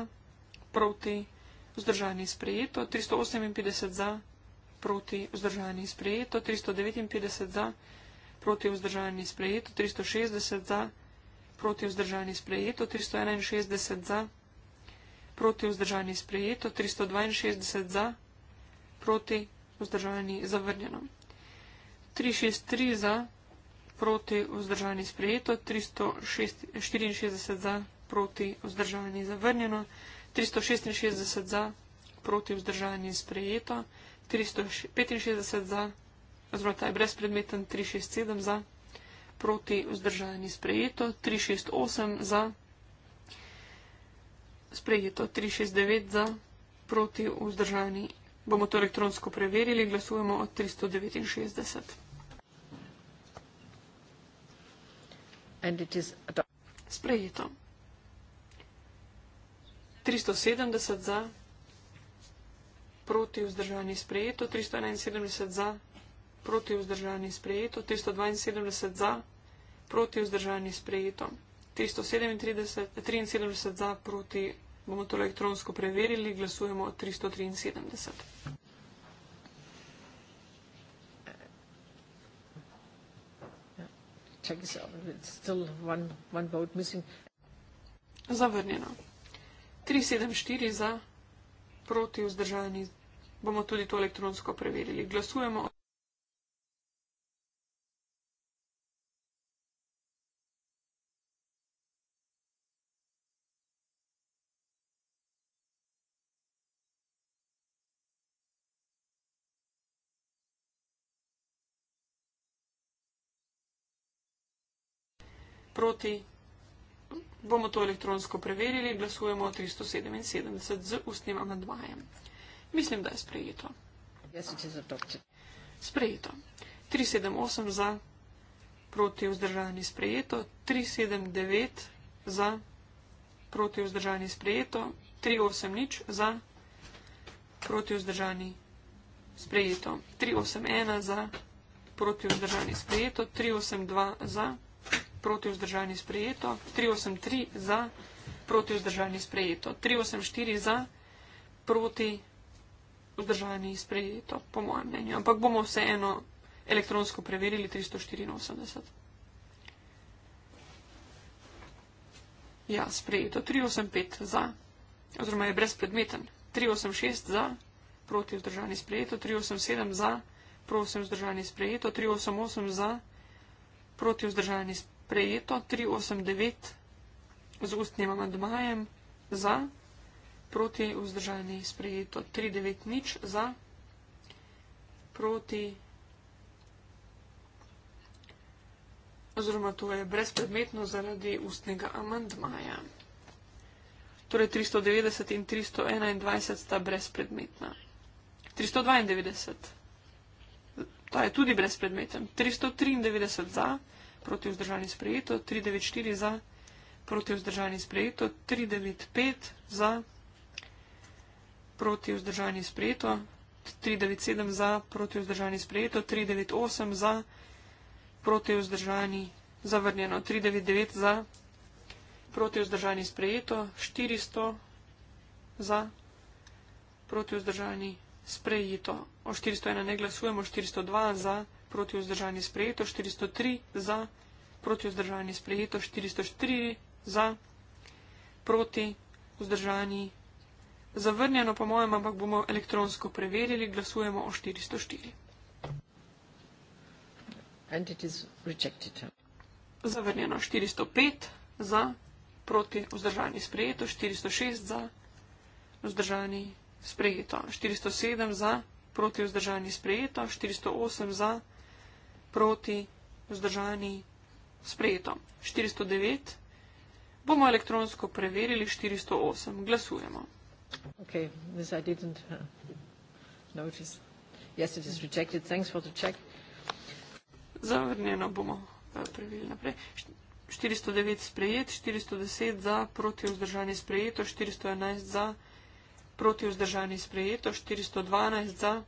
proti vzdržani sprejeto, 358 za, proti vzdržani sprejeto, 359 za, proti vzdržani sprejeto proti vzdržanju sprejeto, 360 za, proti vzdržanju sprejeto, 361 za, proti vzdržanju sprejeto, 362 za, proti vzdržanju zavrnjeno. 363 za, proti vzdržanju sprejeto, 364 za, proti vzdržanju zavrnjeno, 366 za, proti vzdržanju sprejeto, 365 za, oziroma ta je brezpredmeten 367 za, proti vzdržanje sprejeto 368 za, sprejeto 369 za, proti vzdržanje. Bomo to elektronsko preverili, glasujemo od 369. Sprejeto. 370 za, proti vzdržanje sprejeto, 371 za, proti vzdržani sprejeto, 372 za, proti vzdržani sprejeto, 373 za, proti, bomo to elektronsko preverili, glasujemo 373. Zavrnjeno. 374 za, proti vzdržani, bomo tudi to elektronsko preverili. Glasujemo o proti. Bomo to elektronsko preverili, glasujemo 377 z ustnim amandvajem. Mislim, da je sprejeto. Jaz sem se za to. Sprejeto. 378 za, proti vzdržani sprejeto. 379 za, proti vzdržani sprejeto. 380 za, proti vzdržani sprejeto. 381 za, proti vzdržani sprejeto. 382 za proti vzdržanju sprejeto, 383 za, proti vzdržanju sprejeto, 384 za, proti vzdržanju sprejeto, po mojem mnenju. Ampak bomo vseeno elektronsko preverili 384. Ja, sprejeto, 385 za, oziroma je brezpredmeten, 386 za, proti vzdržanju sprejeto, 387 za, proti vzdržanju sprejeto, 388 za, proti vzdržanju sprejeto sprejeto 389 z ustnim amadmajem za, proti vzdržanje sprejeto 390 za, proti oziroma to je brezpredmetno zaradi ustnega amadmaja. Torej 390 in 321 sta brezpredmetna. 392. Ta je tudi brezpredmeten. 393 za, proti vzdržani sprejeto, 394 za, proti vzdržani sprejeto, 395 za, proti vzdržani sprejeto, 397 za, proti vzdržani sprejeto, 398 za, proti vzdržani zavrnjeno, 399 za, proti vzdržani sprejeto, 400 za, proti vzdržani sprejeto. O 401 ne glasujemo, 402 za proti vzdržanju sprejeto, 403 za, proti vzdržanju sprejeto, 404 za, proti vzdržanju zavrnjeno, po mojem, ampak bomo elektronsko preverili, glasujemo o 404. Zavrnjeno 405 za, proti vzdržanju sprejeto, 406 za, vzdržanju sprejeto, 407 za, proti vzdržanju sprejeto, 408 za, proti, vzdržani, sprejeto. 409. Bomo elektronsko preverili 408. Glasujemo. Okay, this I didn't uh, notice. Yes, it is rejected. Thanks for the check. Zavrnjeno bomo uh, preverili naprej. 409 sprejet, 410 za, proti vzdržani sprejeto, 411 za, proti vzdržani sprejeto, 412 za,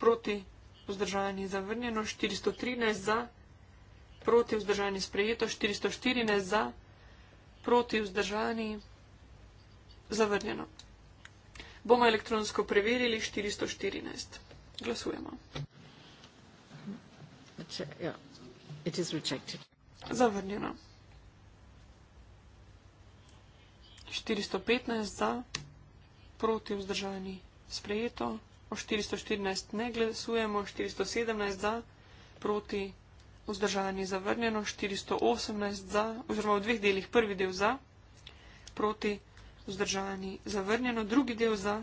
proti vzdržani sprejeto vzdržani zavrnjeno, 413 za, proti vzdržani sprejeto, 414 za, proti vzdržani zavrnjeno. Bomo elektronsko preverili 414. Glasujemo. Uh, zavrnjeno. 415 za, proti vzdržani sprejeto, o 414 ne glasujemo, 417 za, proti vzdržanje zavrnjeno, 418 za, oziroma v dveh delih prvi del za, proti vzdržanje zavrnjeno, drugi del za,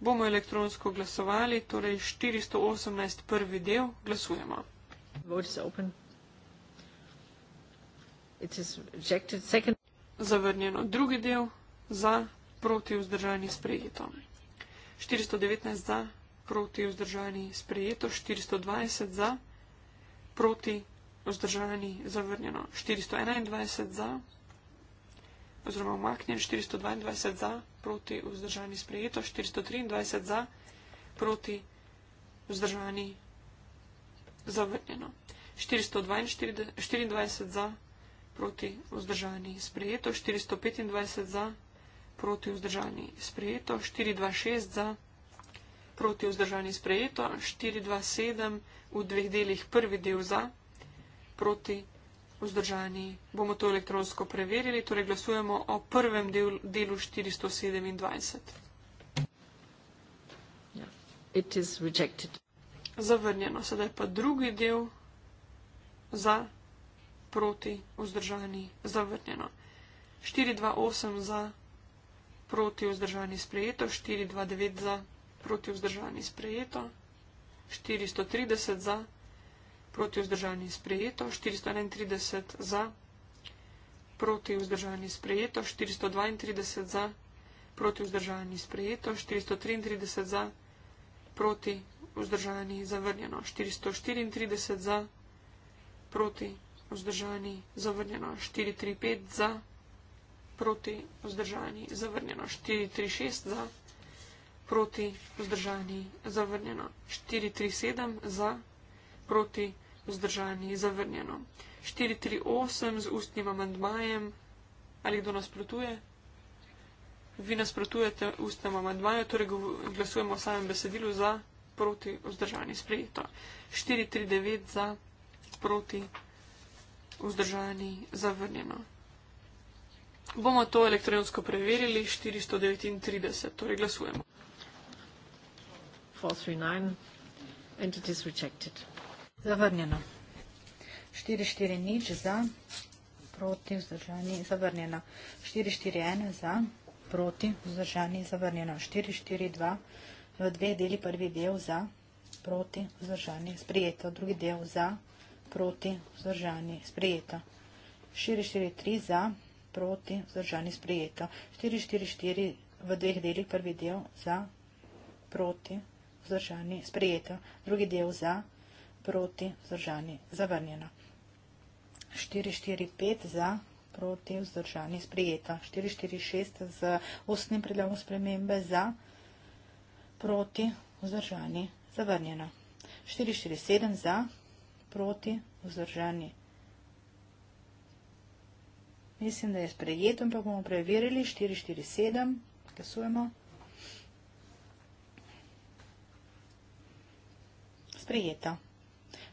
bomo elektronsko glasovali, torej 418 prvi del, glasujemo. Zavrnjeno drugi del za proti vzdržanje sprejeto. 419 za, proti vzdržani sprejeto, 420 za, proti vzdržani zavrnjeno, 421 za, oziroma omaknjen, 422 za, proti vzdržani sprejeto, 423 za, proti vzdržani zavrnjeno, 424 za, proti vzdržani sprejeto, 425 za, proti vzdržani sprejeto, 426 za, proti vzdržani sprejeto, 427 v dveh delih prvi del za, proti vzdržani. Bomo to elektronsko preverili, torej glasujemo o prvem del, delu 427. It is rejected. Zavrnjeno. Sedaj pa drugi del za, proti, vzdržani, zavrnjeno. 428 za, proti vzdržani sprejeto, 429 za proti vzdržani sprejeto, 430 za proti vzdržani sprejeto, 431 za proti vzdržani sprejeto, 432 za proti vzdržani sprejeto, 433 za proti vzdržani zavrnjeno, 434 za proti vzdržani zavrnjeno, 435 za proti, vzdržani, zavrnjeno. 4-3-6 za, proti, vzdržani, zavrnjeno. 4-3-7 za, proti, vzdržani, zavrnjeno. 4-3-8 z ustnim amandmajem. Ali kdo nasprotuje? Vi nasprotujete ustnem amandmaju, torej glasujemo o samem besedilu za, proti, vzdržani, sprejeto. 4-3-9 za, proti, vzdržani, zavrnjeno. Bomo to elektronsko preverili, 439, torej glasujemo. 439, entities rejected. Zavrnjeno. 4-4 nič za, proti, vzdržani, zavrnjeno. 4-4-1 za, proti, vzdržani, zavrnjeno. 4-4-2 v dve deli prvi del za, proti, vzdržani, sprijeto. Drugi del za, proti, vzdržani, sprijeto. 4-4-3 za, proti, vzdržani proti, vzdržani sprejeto. 4-4-4 v dveh delih, prvi del za, proti, vzdržani sprejeto, drugi del za, proti, vzdržani zavrnjeno. 4-4-5 za, proti, vzdržani sprejeto. 4-4-6 z ustnim predlogom spremembe za, proti, vzdržani zavrnjeno. 4-4-7 za, proti, vzdržani sprejeto. Mislim, da je sprejeto, ampak bomo preverili. 447, glasujemo. Sprejeto.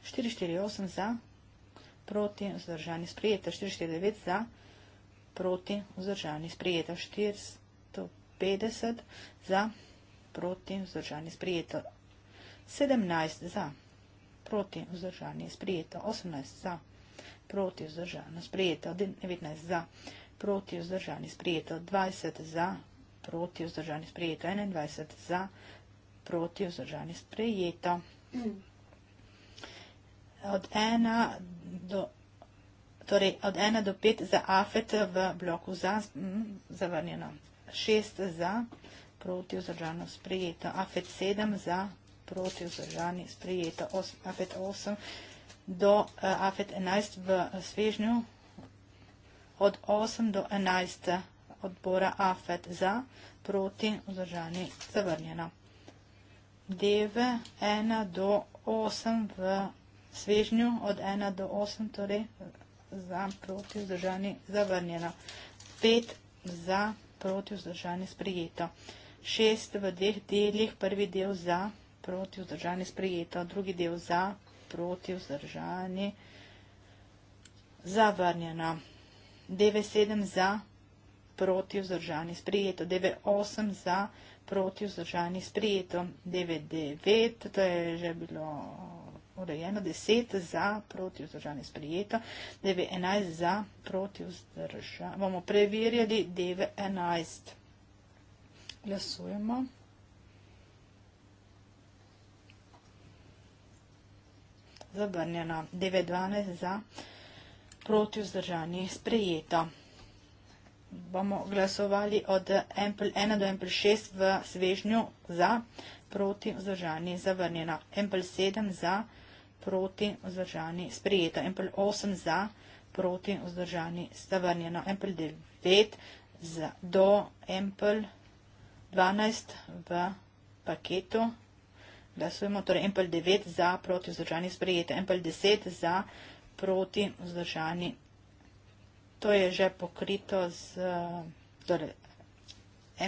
448 za, proti, vzdržani, sprejeto. 449 za, proti, vzdržani, sprejeto. 450 za, proti, vzdržani, sprejeto. 17 za, proti, vzdržani, sprejeto. 18 za, proti, vzdržani, sprejeto proti vzdržano, sprejeto 19 za, proti vzdržani, sprejeto 20 za, proti vzdržani, sprejeto 21 za, proti vzdržani, sprejeto. Od 1 do Torej, od 1 do 5 za AFET v bloku za, zavrnjeno 6 za, proti vzdržano sprejeto, AFET 7 za, proti vzdržani sprejeto, 8, AFET 8 do uh, afet 11 v eh, svežnju od 8 do 11 eh, odbora afet za proti vzdržanje zavrnjeno. Deve 1 do 8 v svežnju od 1 do 8 torej za proti vzdržanje zavrnjeno. 5 za proti vzdržanje sprejeto. 6 v dveh delih prvi del za proti vzdržanje sprejeto, drugi del za proti, vzdržani, zavrnjeno. DV7 za, proti, vzdržani, sprijeto. DV8 za, proti, vzdržani, sprijeto. DV9, to je že bilo urejeno, 10 za, proti, vzdržani, sprijeto. DV11 za, proti, vzdržani. Bomo preverjali DV11. Glasujemo. zavrnjena, 9-12 za, proti vzdržanje sprejeto. Bomo glasovali od 1 do 6 v svežnju za, proti vzdržanje zavrnjena, 7 za, proti vzdržanje sprejeto, 8 za, proti vzdržanje zavrnjeno, 9 za, do 12 v paketu. Glasujemo torej MPL 9 za, proti vzdržani sprejete. MPL 10 za, proti vzdržani. To je že pokrito z, torej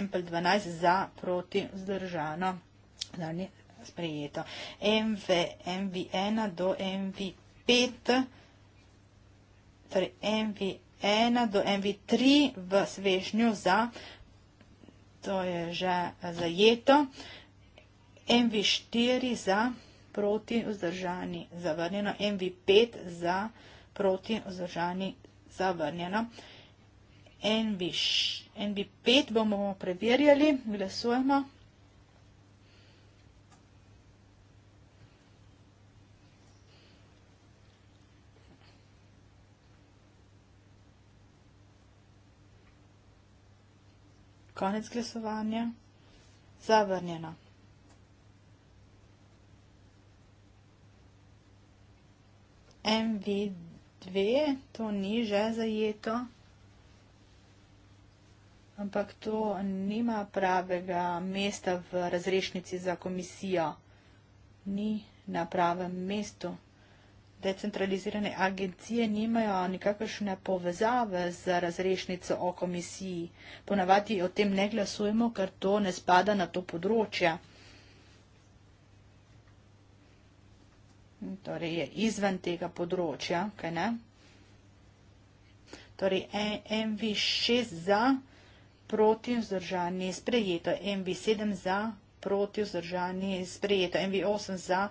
MPL 12 za, proti vzdržano, zdani sprejeto. MV, MV1 do MV5, torej MV1 do MV3 v svežnju za, to je že zajeto. MV4 za proti vzdržani zavrnjeno, MV5 za proti vzdržani zavrnjeno. NV, NV5 bomo preverjali, glasujemo. Konec glasovanja. Zavrnjeno. MV2, to ni že zajeto, ampak to nima pravega mesta v razrešnici za komisijo. Ni na pravem mestu. Decentralizirane agencije nimajo nikakršne povezave z razrešnico o komisiji. Ponavadi o tem ne glasujemo, ker to ne spada na to področje. torej je izven tega področja, kaj ne? Torej NV6 e, za, proti vzdržanje sprejeto, NV7 za, proti vzdržanje sprejeto, NV8 za,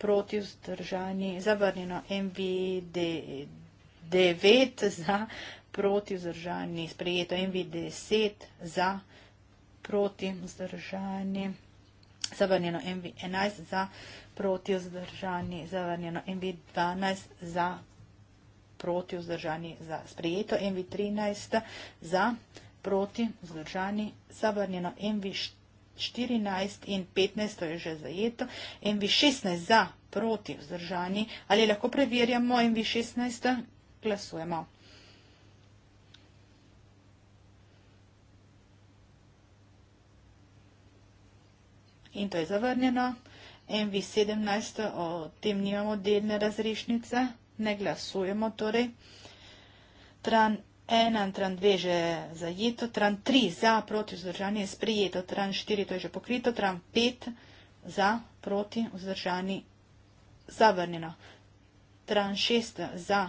proti vzdržanje zavrnjeno, NV9 za, proti vzdržanje sprejeto, NV10 za, proti vzdržanje sprejeto zavrnjeno MV11 za proti vzdržanje, zavrnjeno MV12 za proti vzdržanje, za sprejeto MV13 za proti vzdržanje, zavrnjeno MV14 in 15 je že zajeto, MV16 za proti vzdržanje, ali lahko preverjamo MV16, glasujemo. in to je zavrnjeno. MV17 o tem nimamo delne razrešnice, ne glasujemo torej. Tran 1, tran 2 že zajeto, tran 3 za, proti vzdržanje je sprijeto, tran 4 to je že pokrito, tran 5 za, proti vzdržanje zavrnjeno. Tran 6 za,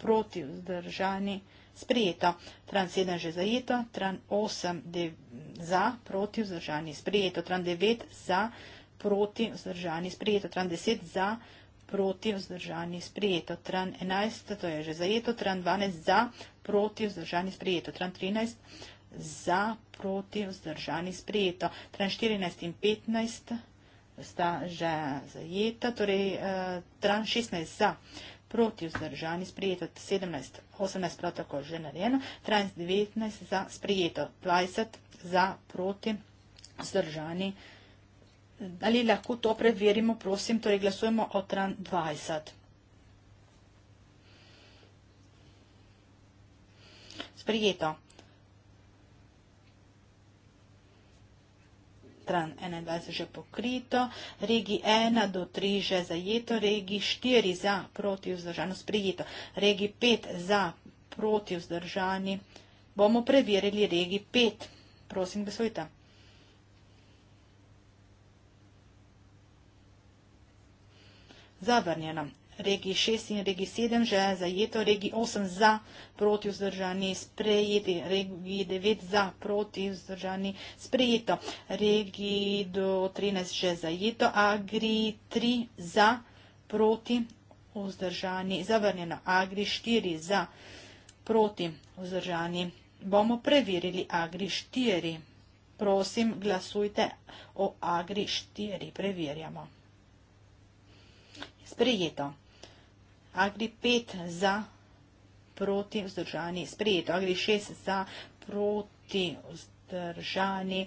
proti vzdržanje sprejeto. Tran 7 že zajeto, tran 8 za, proti vzdržani sprejeto, tran 9 za, proti vzdržani sprejeto, tran 10 za, proti vzdržani sprejeto, tran 11, to je že zajeto, tran 12 za, proti vzdržani sprejeto, tran 13 za, proti vzdržani sprejeto, tran 14 in 15 sta že zajeta, torej eh, tran 16 za, proti vzdržani sprejeto proti vzdržani sprijeto 17, 18 prav tako že narejeno, 13, 19 za sprijeto, 20 za proti vzdržani. Ali lahko to preverimo, prosim, torej glasujemo o 20. Sprijeto. stran 21 že pokrito, regi 1 do 3 že zajeto, regi 4 za proti vzdržano sprijeto, regi 5 za proti vzdržani. Bomo preverili regi 5. Prosim, besojte. Zavrnjena regiji 6 in regiji 7 že zajeto, regiji 8 za, proti vzdržani, sprejeti, regiji 9 za, proti vzdržani, sprejeto, regiji do 13 že zajeto, agri 3 za, proti vzdržani, zavrnjeno, agri 4 za, proti vzdržani. Bomo preverili agri 4. Prosim, glasujte o agri 4. Preverjamo. Sprejeto. Agri 5 eh, za, proti, vzdržani, sprejeto. Agri 6 za, proti, vzdržani.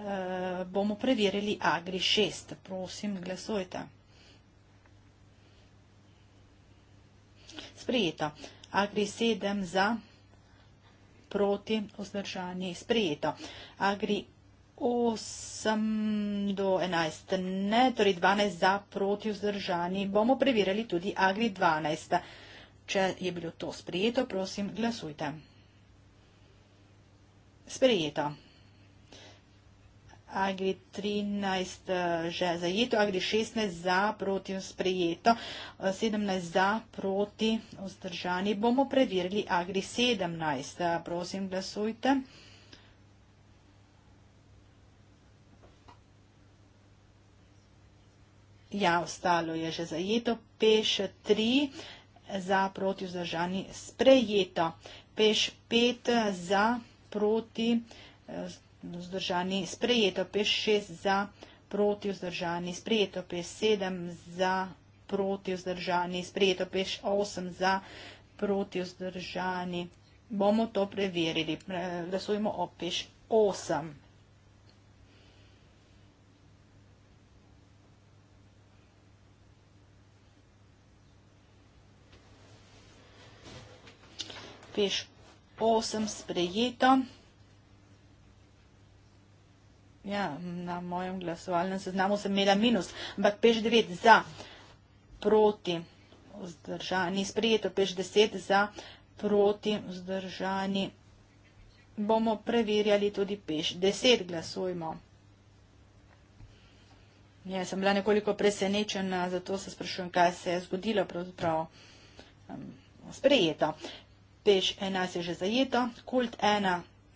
E, bomo preverili Agri 6. Prosim, glasujte. Sprejeto. Agri 7 za, proti, vzdržani, sprejeto. Agri 8. 8 do 11 ne, torej 12 za proti vzdržani. Bomo preverjali tudi Agri 12. Če je bilo to sprejeto, prosim, glasujte. Sprejeto. Agri 13 eh, že zajeto, Agri 16 za proti sprejeto, 17 eh, za proti vzdržani. Bomo preverili Agri 17. Eh, prosim, glasujte. Ja, ostalo je že zajeto, peš 3 za proti vzdržani sprejeto, peš 5 eh, za proti vzdržani sprejeto, peš 6 za proti vzdržani sprejeto, peš 7 za proti vzdržani sprejeto, peš 8 za proti vzdržani. Bomo to preverili, eh, glasujemo o peš 8. napiš 8 sprejeto. Ja, na mojem glasovalnem seznamu sem imela minus, ampak peš 9 za, proti, vzdržani, sprejeto, peš 10 za, proti, vzdržani. Bomo preverjali tudi peš 10, glasujmo. Ja, sem bila nekoliko presenečena, zato se sprašujem, kaj se je zgodilo pravzaprav. Sprejeto. Peš 11 je že zajeto, kult 1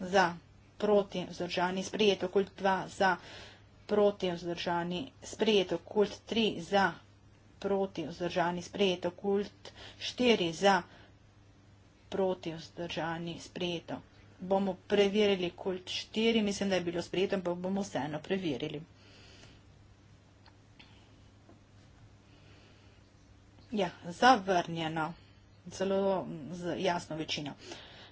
za proti vzdržani sprijeto, kult 2 za proti vzdržani sprijeto, kult 3 za proti vzdržani sprijeto, kult 4 za proti vzdržani sprijeto. Bomo preverili kult 4, mislim, da je bilo sprijeto, pa bomo vseeno preverili. Ja, zavrnjeno zelo jasno večino.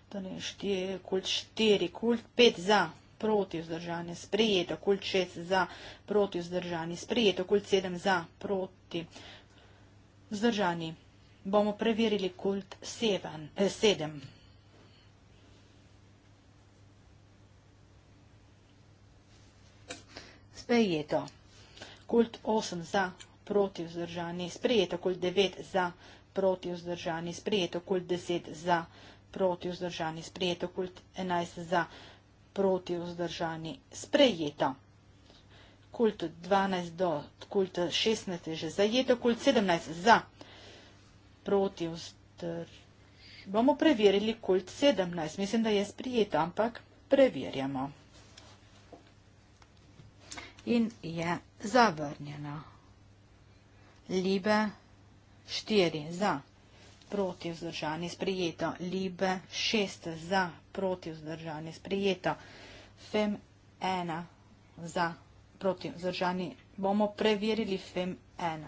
Torej, kult štiri, kult pet za proti vzdržanje, sprejeto, kult šest za proti vzdržanje, sprejeto, kult sedem za proti vzdržanje. Bomo preverili kult seven, eh, sedem. Sprejeto. Kult 8 za proti vzdržanje, sprejeto kult 9 za proti vzdržani sprejeto, kult 10 za proti vzdržani sprejeto, kult 11 za proti vzdržani sprejeto. Kult 12 do kult 16 je že zajeto, kult 17 za proti vzdržani. Bomo preverili kult 17, mislim, da je sprejeto, ampak preverjamo. In je zavrnjeno. Liebe. 4 za, proti vzdržani sprijeto, libe 6 za, proti vzdržani sprijeto, fem 1 za, proti vzdržani, bomo preverili fem 1.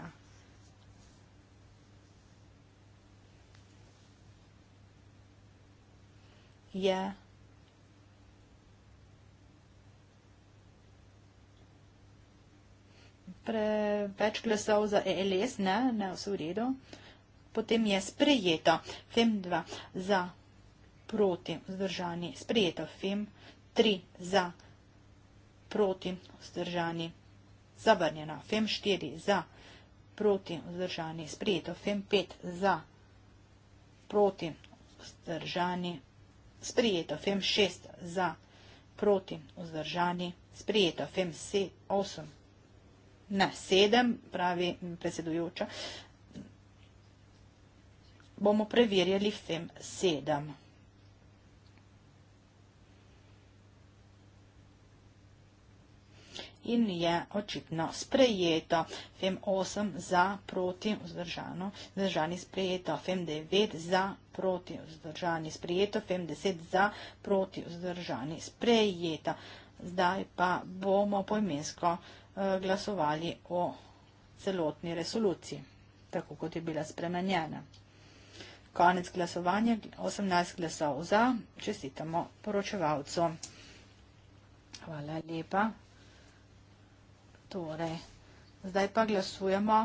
Yeah. preveč glasov za ELS, ne, ne vse v redu. Potem je sprejeto FEM 2 za proti vzdržani, sprejeto FEM 3 za proti vzdržani, zavrnjeno FEM 4 za proti vzdržani, sprejeto FEM 5 za proti vzdržani, sprejeto FEM 6 za proti vzdržani, sprejeto FEM 7, 8 za. Ne, sedem, pravi predsedujoča. Bomo preverjali fem sedem. In je očitno sprejeto. FEM 8 za, proti, vzdržano, vzdržani sprejeto. FEM 9 za, proti, vzdržani sprejeto. FEM 10 za, proti, vzdržani sprejeto. Zdaj pa bomo pojmensko vzdržali. Eh, glasovali o celotni resoluciji, tako kot je bila spremenjena. Konec glasovanja, 18 glasov za, čestitamo poročevalcu. Hvala lepa. Torej, zdaj pa glasujemo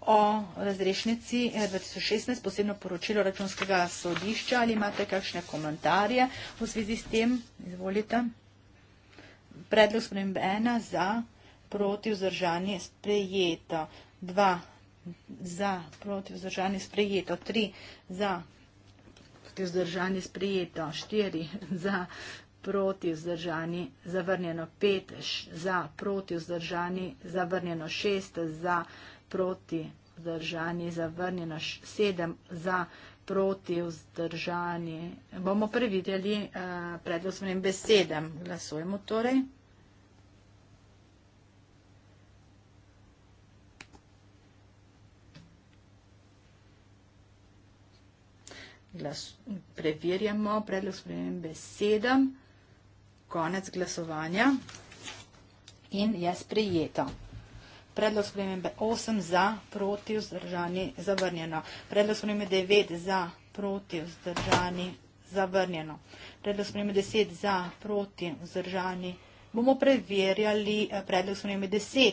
o razrešnici 2016, posebno poročilo računskega sodišča. Ali imate kakšne komentarje v zvezi s tem? Izvolite predlog spremembe ena za, proti vzdržanje sprejeto, dva za, proti vzdržanje sprejeto, tri za, proti vzdržanje sprejeto, štiri za, proti vzdržanje zavrnjeno, pet za, proti vzdržanje zavrnjeno, šest za, proti vzdržanje zavrnjeno, sedem za, proti vzdržanje zavrnjeno, proti vzdržani. Bomo prevideli uh, predlog s menim besedem. Glasujemo torej. Glas, preverjamo predlog s menim besedem. Konec glasovanja. In je sprejeto predlog spremembe 8 za, proti vzdržani, zavrnjeno. Predlog spremembe 9 za, proti vzdržani, zavrnjeno. Predlog spremembe 10 za, proti vzdržani, bomo preverjali eh, predlog spremembe 10.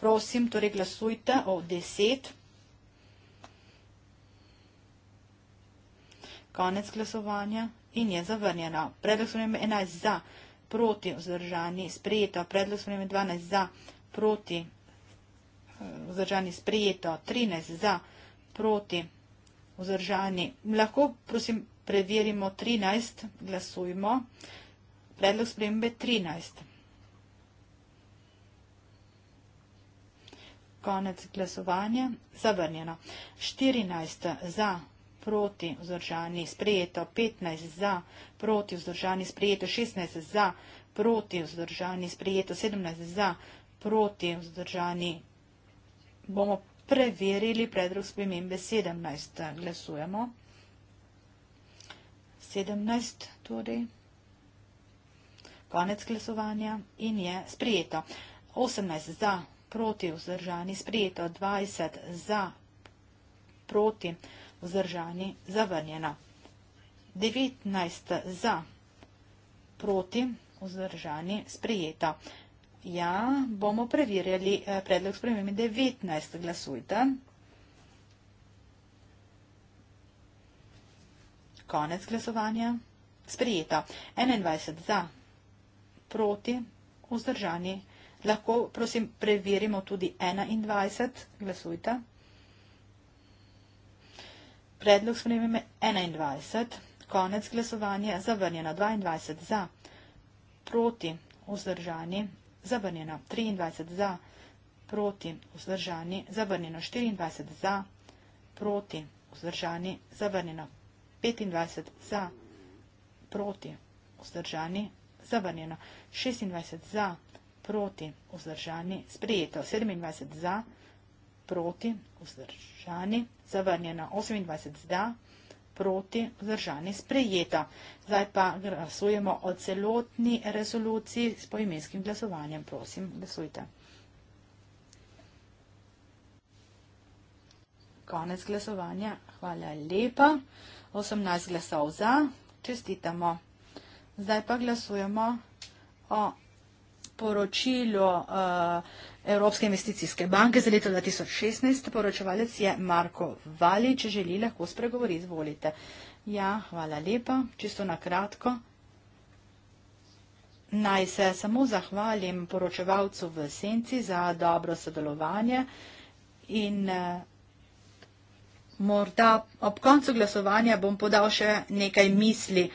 Prosim, torej glasujte o 10. Konec glasovanja in je zavrnjeno. Predlog spremembe 11 za, proti vzdržani, sprejeto. Predlog spremembe 12 za, proti vzdržani vzdržani sprejeto, 13 za, proti, vzdržani. Lahko, prosim, preverimo 13, glasujmo. Predlog spremembe 13. Konec glasovanja, zavrnjeno. 14 za, proti, vzdržani, sprejeto, 15 za, proti, vzdržani, sprejeto, 16 za, proti, vzdržani, sprejeto, 17 za, proti, vzdržani, sprejeto bomo preverili predlog spremembe 17. Glasujemo. 17 torej. Konec glasovanja in je sprijeto. 18 za, proti vzdržani, sprijeto. 20 za, proti vzdržani, zavrnjeno. 19 za, proti vzdržani, sprijeto. 21. Ja, bomo preverjali eh, predlog spremembe 19. Glasujte. Konec glasovanja. Sprijeta. 21 za, proti, vzdržani. Lahko, prosim, preverimo tudi 21. Glasujte. Predlog spremembe 21. Konec glasovanja. Zavrnjeno. 22 za, proti, vzdržani zavrnjeno 23 za, proti vzdržani, zavrnjeno 24 za, proti vzdržani, zavrnjeno 25 za, proti vzdržani, zavrnjeno 26 za, proti vzdržani, sprijeto 27 za, proti vzdržani, zavrnjeno 28 za, proti vzdržani, proti vzdržani sprejeta. Zdaj pa glasujemo o celotni rezoluciji s poimenskim glasovanjem. Prosim, glasujte. Konec glasovanja. Hvala lepa. 18 glasov za. Čestitamo. Zdaj pa glasujemo o poročilo uh, Evropske investicijske banke za leto 2016. Poročevalec je Marko Vali, če želi, lahko spregovori, izvolite. Ja, hvala lepa, čisto na kratko. Naj se samo zahvalim poročevalcu v Senci za dobro sodelovanje in eh, morda ob koncu glasovanja bom podal še nekaj misli,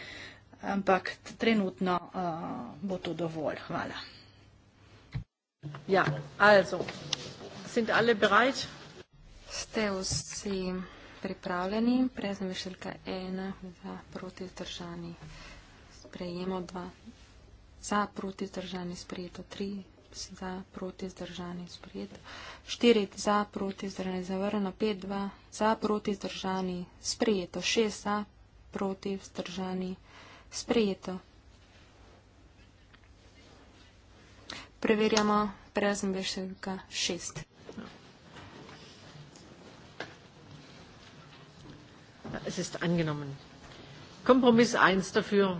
ampak trenutno uh, bo to dovolj. Hvala. Ja, also, sind alle bereit? Ste vsi pripravljeni? Prezem višeljka 1 za proti držani sprejemo 2. Za proti držani sprejeto 3. Za proti zdržani sprejeto. 4 za proti zdržani zavrno. 5 2 za proti zdržani sprejeto. 6 za proti zdržani sprejeto. preverjamo, prej sem bil še kakšen šest. Kompromis ena, dafür,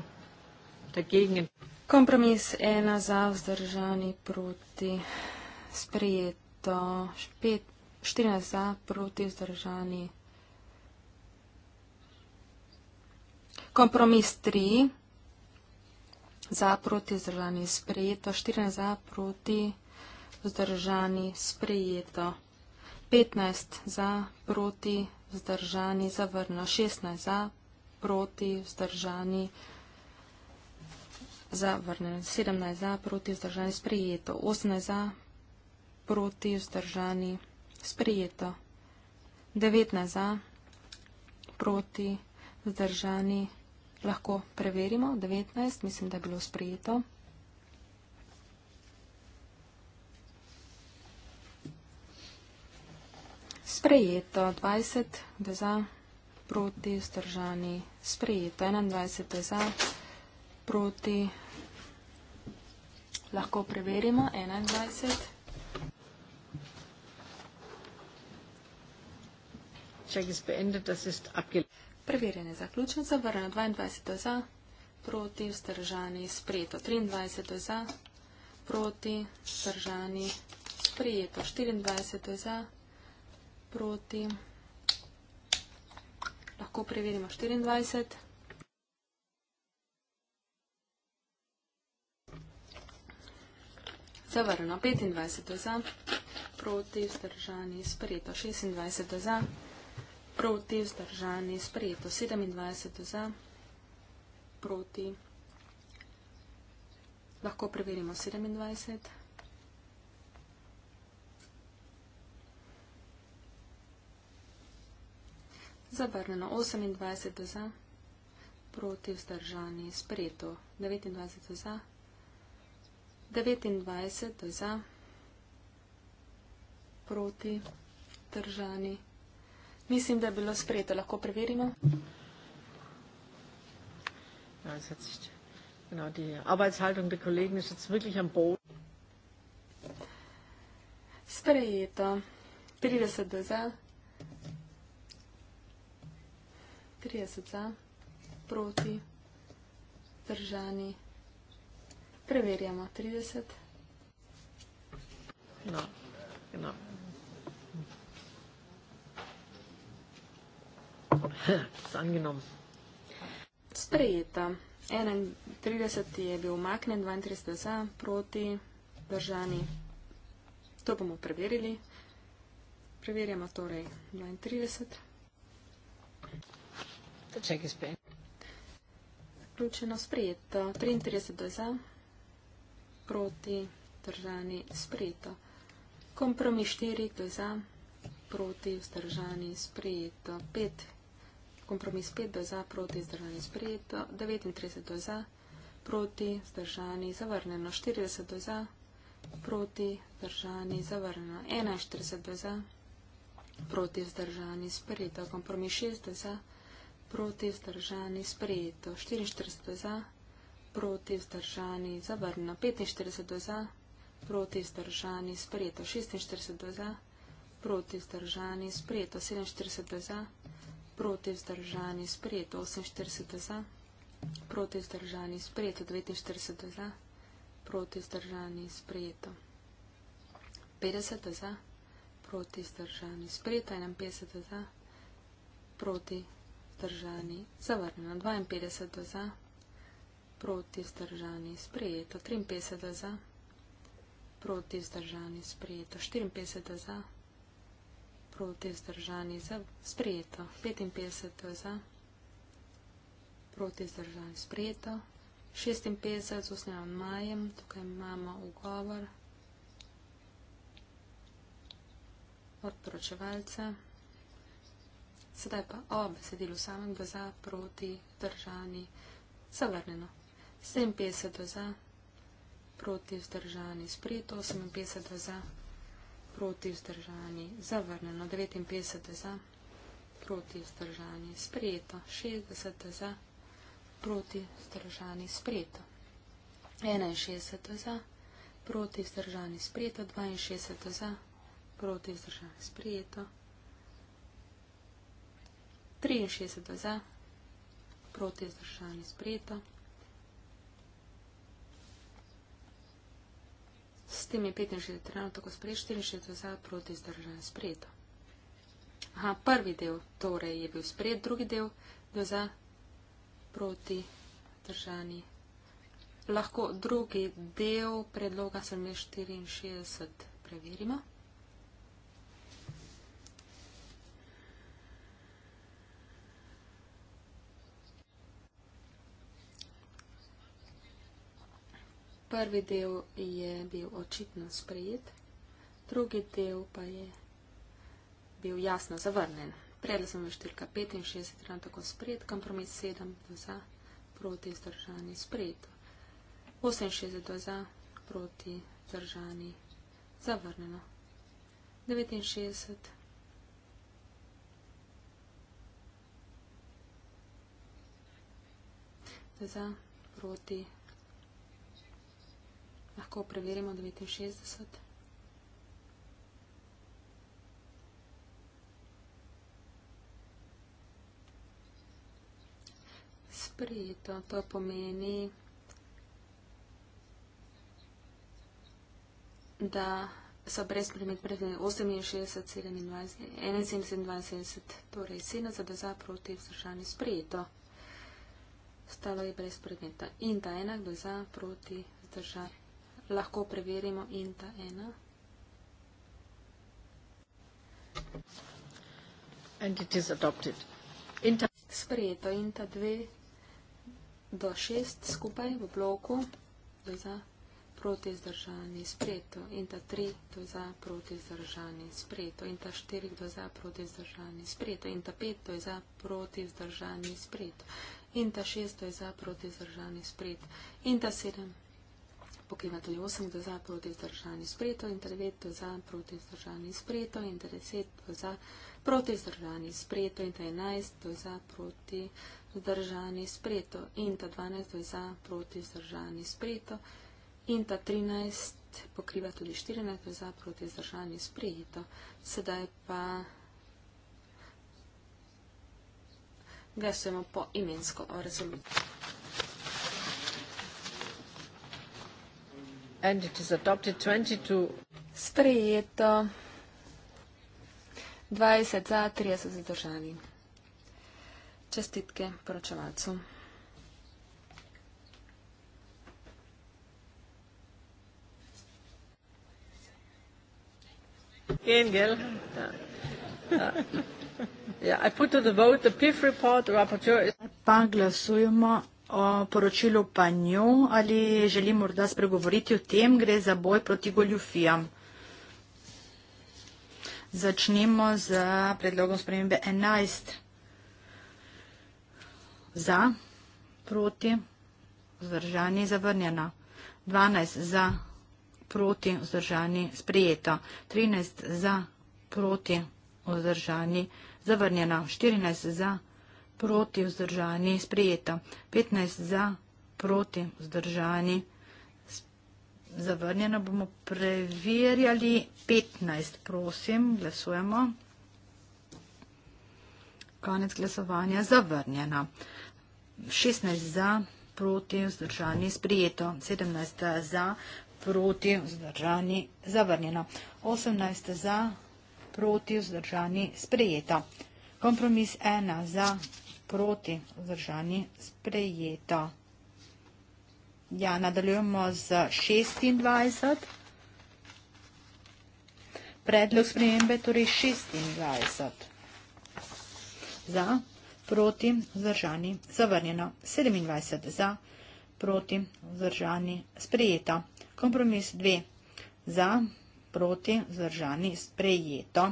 Kompromis ena za vzdržani proti sprejeto. Špet, 14 za proti vzdržani. Kompromis tri za proti vzdržani sprejeto, 14 za proti vzdržani sprejeto, 15 za proti vzdržani zavrno, 16 za proti vzdržani zavrnjeno, 17 za proti vzdržani sprejeto, 18 za proti vzdržani sprejeto, 19 za proti vzdržani sprejeto lahko preverimo. 19, mislim, da je bilo sprejeto. Sprejeto. 20, da je za, proti, vzdržani. Sprejeto. 21, da je za, proti. Lahko preverimo. 21. Check is beendet, das ist abgelehnt. Preverjanje zaključnica, vrno 22 za, proti vzdržani sprejeto 23 za, proti vzdržani sprejeto 24 za, proti, lahko preverimo 24. Zavrno 25 za, proti vzdržani sprejeto 26 za, proti vzdržani sprejeto 26 za, proti vzdržani, sprejeto 27 za, proti, lahko preverimo 27. Zavrneno 28 za, proti vzdržani, sprejeto 29 za, 29 za, proti vzdržani, sprejeto. Mislim, da je bilo sprejeto. Lahko preverimo. Ja, sprejeto. 30 do za. 30 za. Proti. Držani. Preverjamo. 30. No. No. angenommen. Sprejeta. 31 je bil umaknjen, 32 za, proti, držani. To bomo preverili. Preverjamo torej 32. Čekaj spet. Vključeno sprejeto. 33 za, proti, držani, sprejeto. Kompromis 4 za, proti, vzdržani, sprejeto. 5 kompromis 5 do za, proti zdržani sprejeto, 39 do za, proti zdržani zavrneno, 40 do za, proti zdržani zavrneno, 41 do za, proti zdržani sprejeto, kompromis 6 do za, proti zdržani sprejeto, 44 do za, proti zdržani zavrneno, 45 do za, proti zdržani sprejeto, 46 do za, proti zdržani sprejeto, 47 do za, proti vzdržani sprejeto 48 za, proti vzdržani sprejeto 49 za, proti vzdržani sprejeto 50 za, proti vzdržani sprejeto 51 za, proti vzdržani zavrnjeno 52 za, proti vzdržani sprejeto 53 za, proti vzdržani sprejeto 54 za, proti vzdržani sprejeto 54 za, proti zdržani. Za sprejeto. 55 za proti zdržani. Sprejeto. 56 z osnovan majem. Tukaj imamo ugovor od poročevalca. Sedaj pa o besedilu samem za proti zdržani. Zavrneno. 57 za proti zdržani. Sprejeto. 58 za proti zdržani proti vzdržani, zavrnjeno 59 za, proti vzdržani, sprejeto 60 za, proti vzdržani, sprejeto 61 za, proti vzdržani, sprejeto 62 za, proti vzdržani, sprejeto 63 za, proti vzdržani, sprejeto S tem je 65 trenutno, ko sprejš 64 za proti zdržanju sprejeto. Aha, prvi del torej je bil sprejet, drugi del do za proti zdržanji. Lahko drugi del predloga 74 preverimo. Prvi del je bil očitno sprejet, drugi del pa je bil jasno zavrnen. Predlog sem v številka 65, ravno tako sprejet, kompromis 7 za, proti zdržani sprejet. 68 za, proti zdržani zavrneno. 69. Za, proti lahko preverimo 69. Sprijeto, to pomeni, da so brez predmet predmet 68, 71, 72, torej 7 za da za proti vzdržanje sprijeto. Stalo je brez predmeta in da enak da za proti vzdržanje lahko preverimo INTA 1. And it is adopted. INTA Sprejeto INTA 2 do 6 skupaj v bloku, to je za proti zdržani spreto, INTA 3 do za proti zdržani spreto, INTA 4 do za proti zdržani spreto, INTA 5 do za proti zdržani spreto, INTA 6 do za proti zdržani spreto, INTA 7 do za proti zdržani spreto. Pokemato je 8 za, proti zdržani spreto, inter 9 za, proti zdržani spreto, inter 10 za, proti zdržani spreto, inter 11 za, proti zdržani spreto, inter 12 za, proti zdržani spreto, inter 13 pokriva tudi 14 za, proti zdržani spreto. Sedaj pa glasujemo po imensko resoluciji. and it is adopted 22 sprejeto 20 za 30 zadržani čestitke poročevalcu Engel. Ja. Ja. Ja, I put to the vote the PIF report, the rapporteur. Pa glasujemo o poročilu Panju ali želi morda spregovoriti o tem, gre za boj proti goljufijam. Začnimo z predlogom spremembe 11. Za, proti, vzdržani, zavrnjena. 12. Za, proti, vzdržani, sprijeta. 13. Za, proti, vzdržani, zavrnjena. 14. Za, proti, vzdržani, sprijeta proti vzdržani sprejeta, 15 za proti vzdržani zavrnjena. Bomo preverjali 15, prosim, glasujemo. Konec glasovanja zavrnjena. 16 za proti vzdržani sprejeto, 17 za proti vzdržani zavrnjena, 18 za proti vzdržani sprejeta. Kompromis 1 za proti vzdržani sprejeta. Ja, nadaljujemo z 26. Predlog sprejembe torej 26. Za, proti vzdržani zavrnjena. 27. Za, proti vzdržani sprejeta. Kompromis 2. Za, proti vzdržani sprejeta.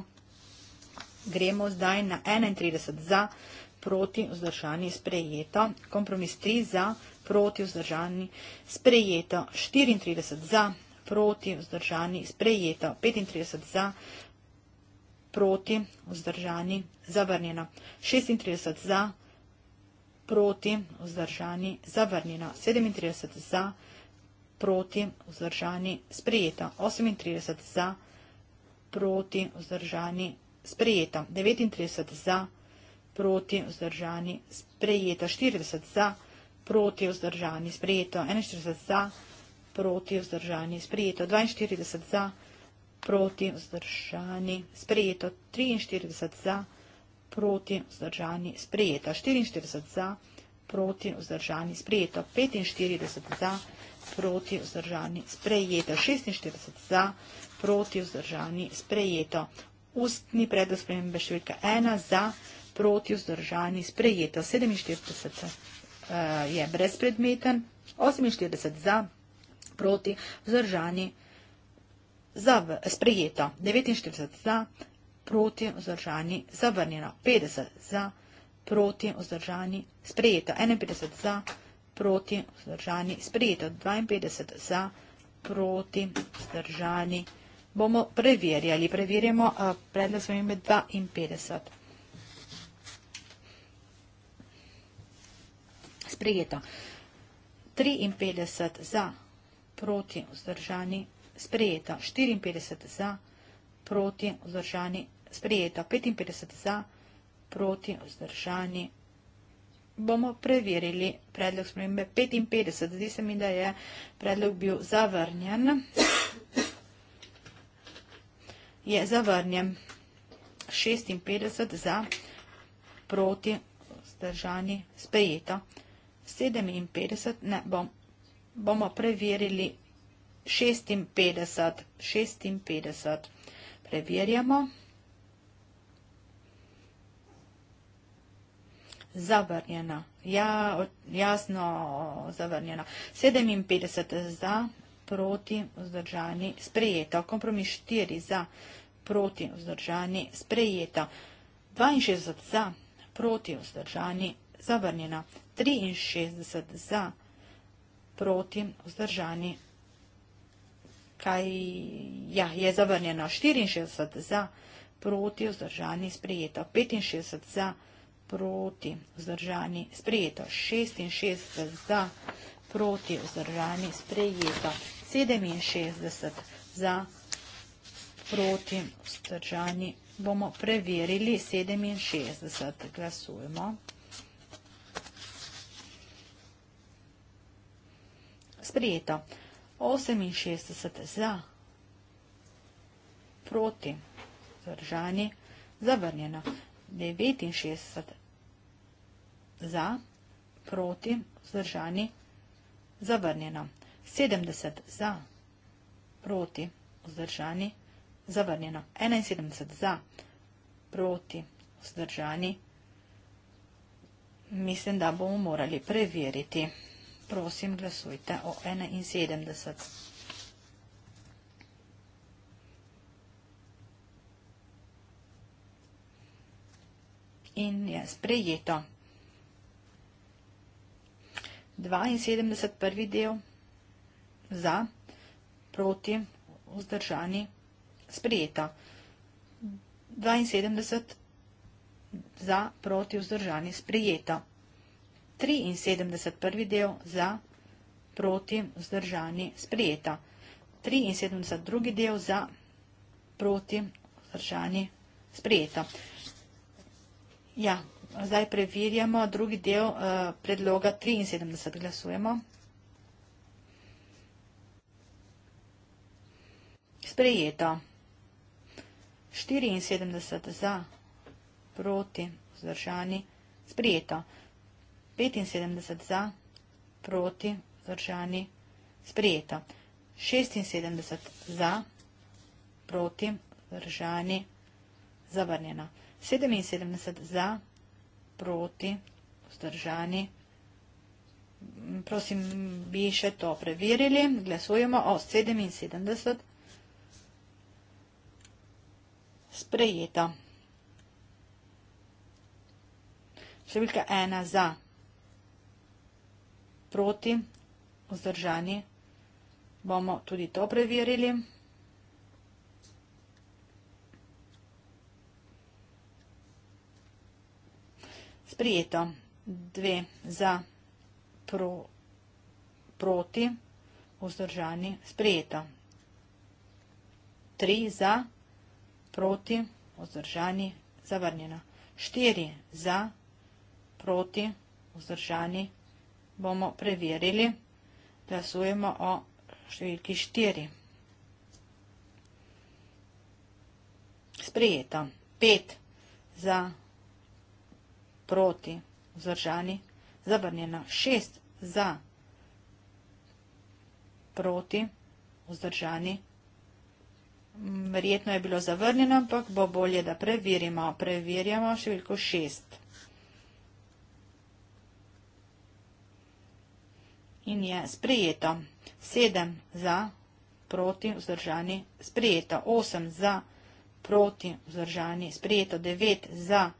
Gremo zdaj na 31. Za, proti vzdržani sprejeta proti vzdržani sprejeto, kompromis 3 za, proti vzdržani sprejeto, 34 za, proti vzdržani sprejeto, 35 za, proti vzdržani zavrnjeno, 36 za, proti vzdržani zavrnjeno, 37 za, proti vzdržani sprejeto, 38 za, proti vzdržani sprejeto, 39 za, proti vzdržani sprejeto proti vzdržani sprejeto, 40 za proti vzdržani sprejeto, 41 za proti vzdržani sprejeto, 42 za proti vzdržani sprejeto, 43 za proti vzdržani sprejeto, 44 za proti vzdržani sprejeto, 45 za proti vzdržani sprejeto, 46 za proti vzdržani sprejeto, ustni predlog spremembe številka 1 za proti vzdržani sprejeto, nasprotju zdržani sprejeto. 47 eh, je brezpredmeten, 48 za, proti zdržani zav, sprejeto, 49 za, proti zdržani zavrnjeno, 50 za, proti vzdržani sprejeto, 51 za, proti vzdržani sprejeto, 52 za, proti vzdržani bomo preverjali. Preverjamo eh, predlog svojim 52. sprejeto. 53 za, proti vzdržani, sprejeto. 54 za, proti vzdržani, sprejeto. 55 za, proti vzdržani. Bomo preverili predlog spremembe 55. Zdi se mi, da je predlog bil zavrnjen. Je zavrnjen. 56 za, proti vzdržani, sprejeto. 57, ne, bom, bomo preverili 56, 56. Preverjamo. Zavrnjena, ja, jasno zavrnjena. 57 za, proti, vzdržani, sprejeta. Kompromis 4 za, proti, vzdržani, sprejeta. 62 za, proti, vzdržani, zavrnjena. 63 za, proti vzdržani, kaj, ja, je zavrnjeno, 64 za, proti vzdržani, sprijeto, 65 za, proti vzdržani, sprijeto, 66 za, proti vzdržani, sprijeto, 67 za, proti vzdržani, bomo preverili 67, glasujemo. sprijeto. 68 za, proti, zdržani, zavrnjeno. 69 za, proti, zdržani, zavrnjeno. 70 za, proti, zdržani, zavrnjeno. 71 za, proti, zdržani, mislim, da bomo morali preveriti. Prosim, glasujte o 71. In je sprejeto. 72 prvi del za, proti, vzdržani, sprejeto. 72 za, proti, vzdržani, sprejeto. 73 prvi del za, proti, vzdržani, sprijeta. 73 drugi del za, proti, vzdržani, sprijeta. Ja, zdaj preverjamo drugi del eh, predloga 73. Glasujemo. Sprijeta. 74 za, proti, vzdržani, sprijeta. Sprijeta. 75 za, proti, zdržani, sprijeto. 76 za, proti, zdržani, zavrnjeno. 77 za, proti, zdržani, prosim, bi še to preverili, glasujemo o 77, sprijeto. Številka 1 za, proti, zdržani, proti, vzdržani. Bomo tudi to preverili. Sprijeto. Dve za pro, proti, vzdržani, sprijeto. Tri za proti, vzdržani, zavrnjeno. Štiri za proti, vzdržani, zavrnjeno bomo preverili, glasujemo o številki 4. Sprejeto. 5 za proti vzdržani, zabrnjeno 6 za proti vzdržani. Verjetno je bilo zavrnjeno, ampak bo bolje, da preverimo. Preverjamo številko 6. 6. in je sprejeto. 7 za, proti, vzdržani, sprejeto. 8 za, proti, vzdržani, sprejeto. 9 za,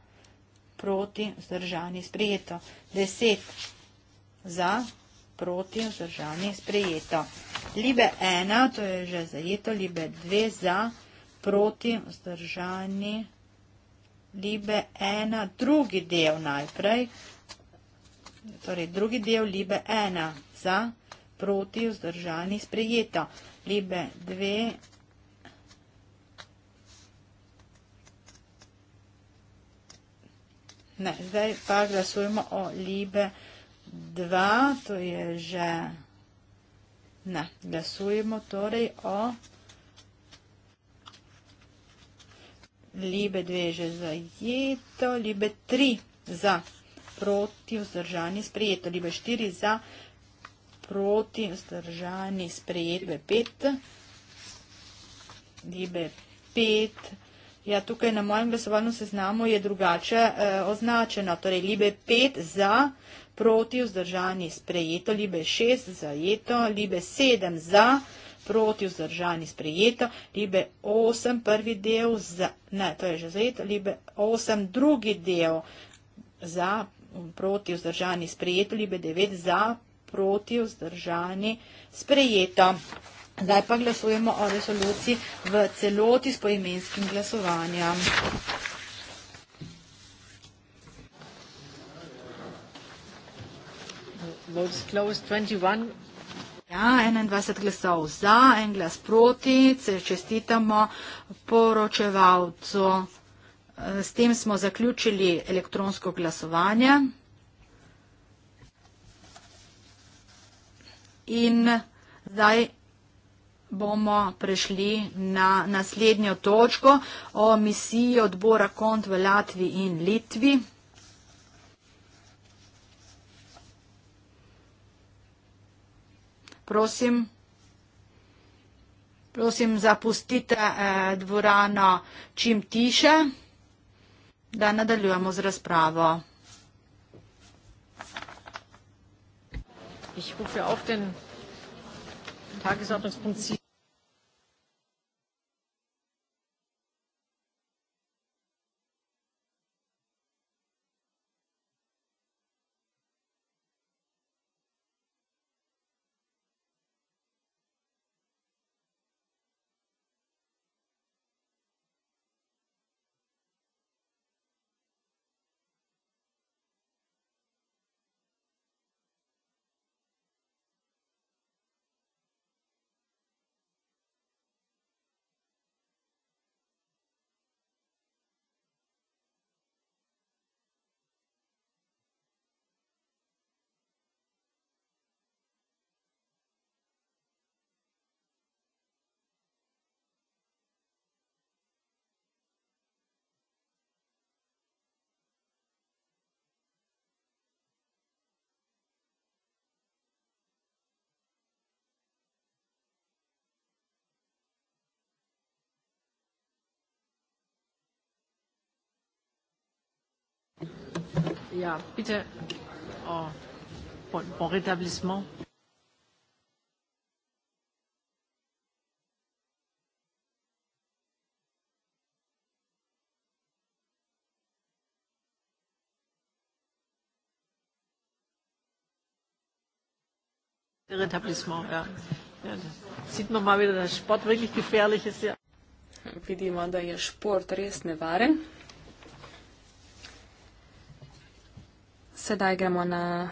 proti, vzdržani, sprejeto. 10 za, proti, vzdržani, sprejeto. Libe 1, to je že zajeto, libe 2 za, proti, vzdržani, libe 1, drugi del najprej, torej drugi del libe 1, za, proti, vzdržani, sprejeta. Libe dve, ne, zdaj pa glasujemo o Libe dva, to je že, ne, glasujemo torej o Libe dve že zajeto, Libe tri za, proti, vzdržani, sprejeto, Libe štiri za, sprejeto proti vzdržani sprejetbe 5. Gibe 5. Ja, tukaj na mojem glasovalnem seznamu je drugače eh, označena. Torej, libe 5 za, proti vzdržani sprejeto, libe 6 zajeto, libe 7 za, proti vzdržani sprejeto, libe 8 prvi del za, ne, to je že zajeto, libe 8 drugi del za, proti vzdržani sprejeto, libe 9 za, proti, vzdržani, sprejeto. Zdaj pa glasujemo o resoluciji v celoti s poimenskim glasovanjem. Ja, 21 glasov za, en glas proti, se čestitamo poročevalcu. S tem smo zaključili elektronsko glasovanje. In zdaj bomo prešli na naslednjo točko o misiji odbora kont v Latviji in Litvi. Prosim, prosim zapustite eh, dvorano čim tiše, da nadaljujemo z razpravo. Ich rufe auf den Tagesordnungspunkt 7. Ja, bitte. Oh. Bon, bon rétablissement. Rétablissement, ja. ja sieht man mal wieder, dass Sport wirklich gefährlich ist, ja. Vidimo, da je šport res nevaren. Sedaj gremo na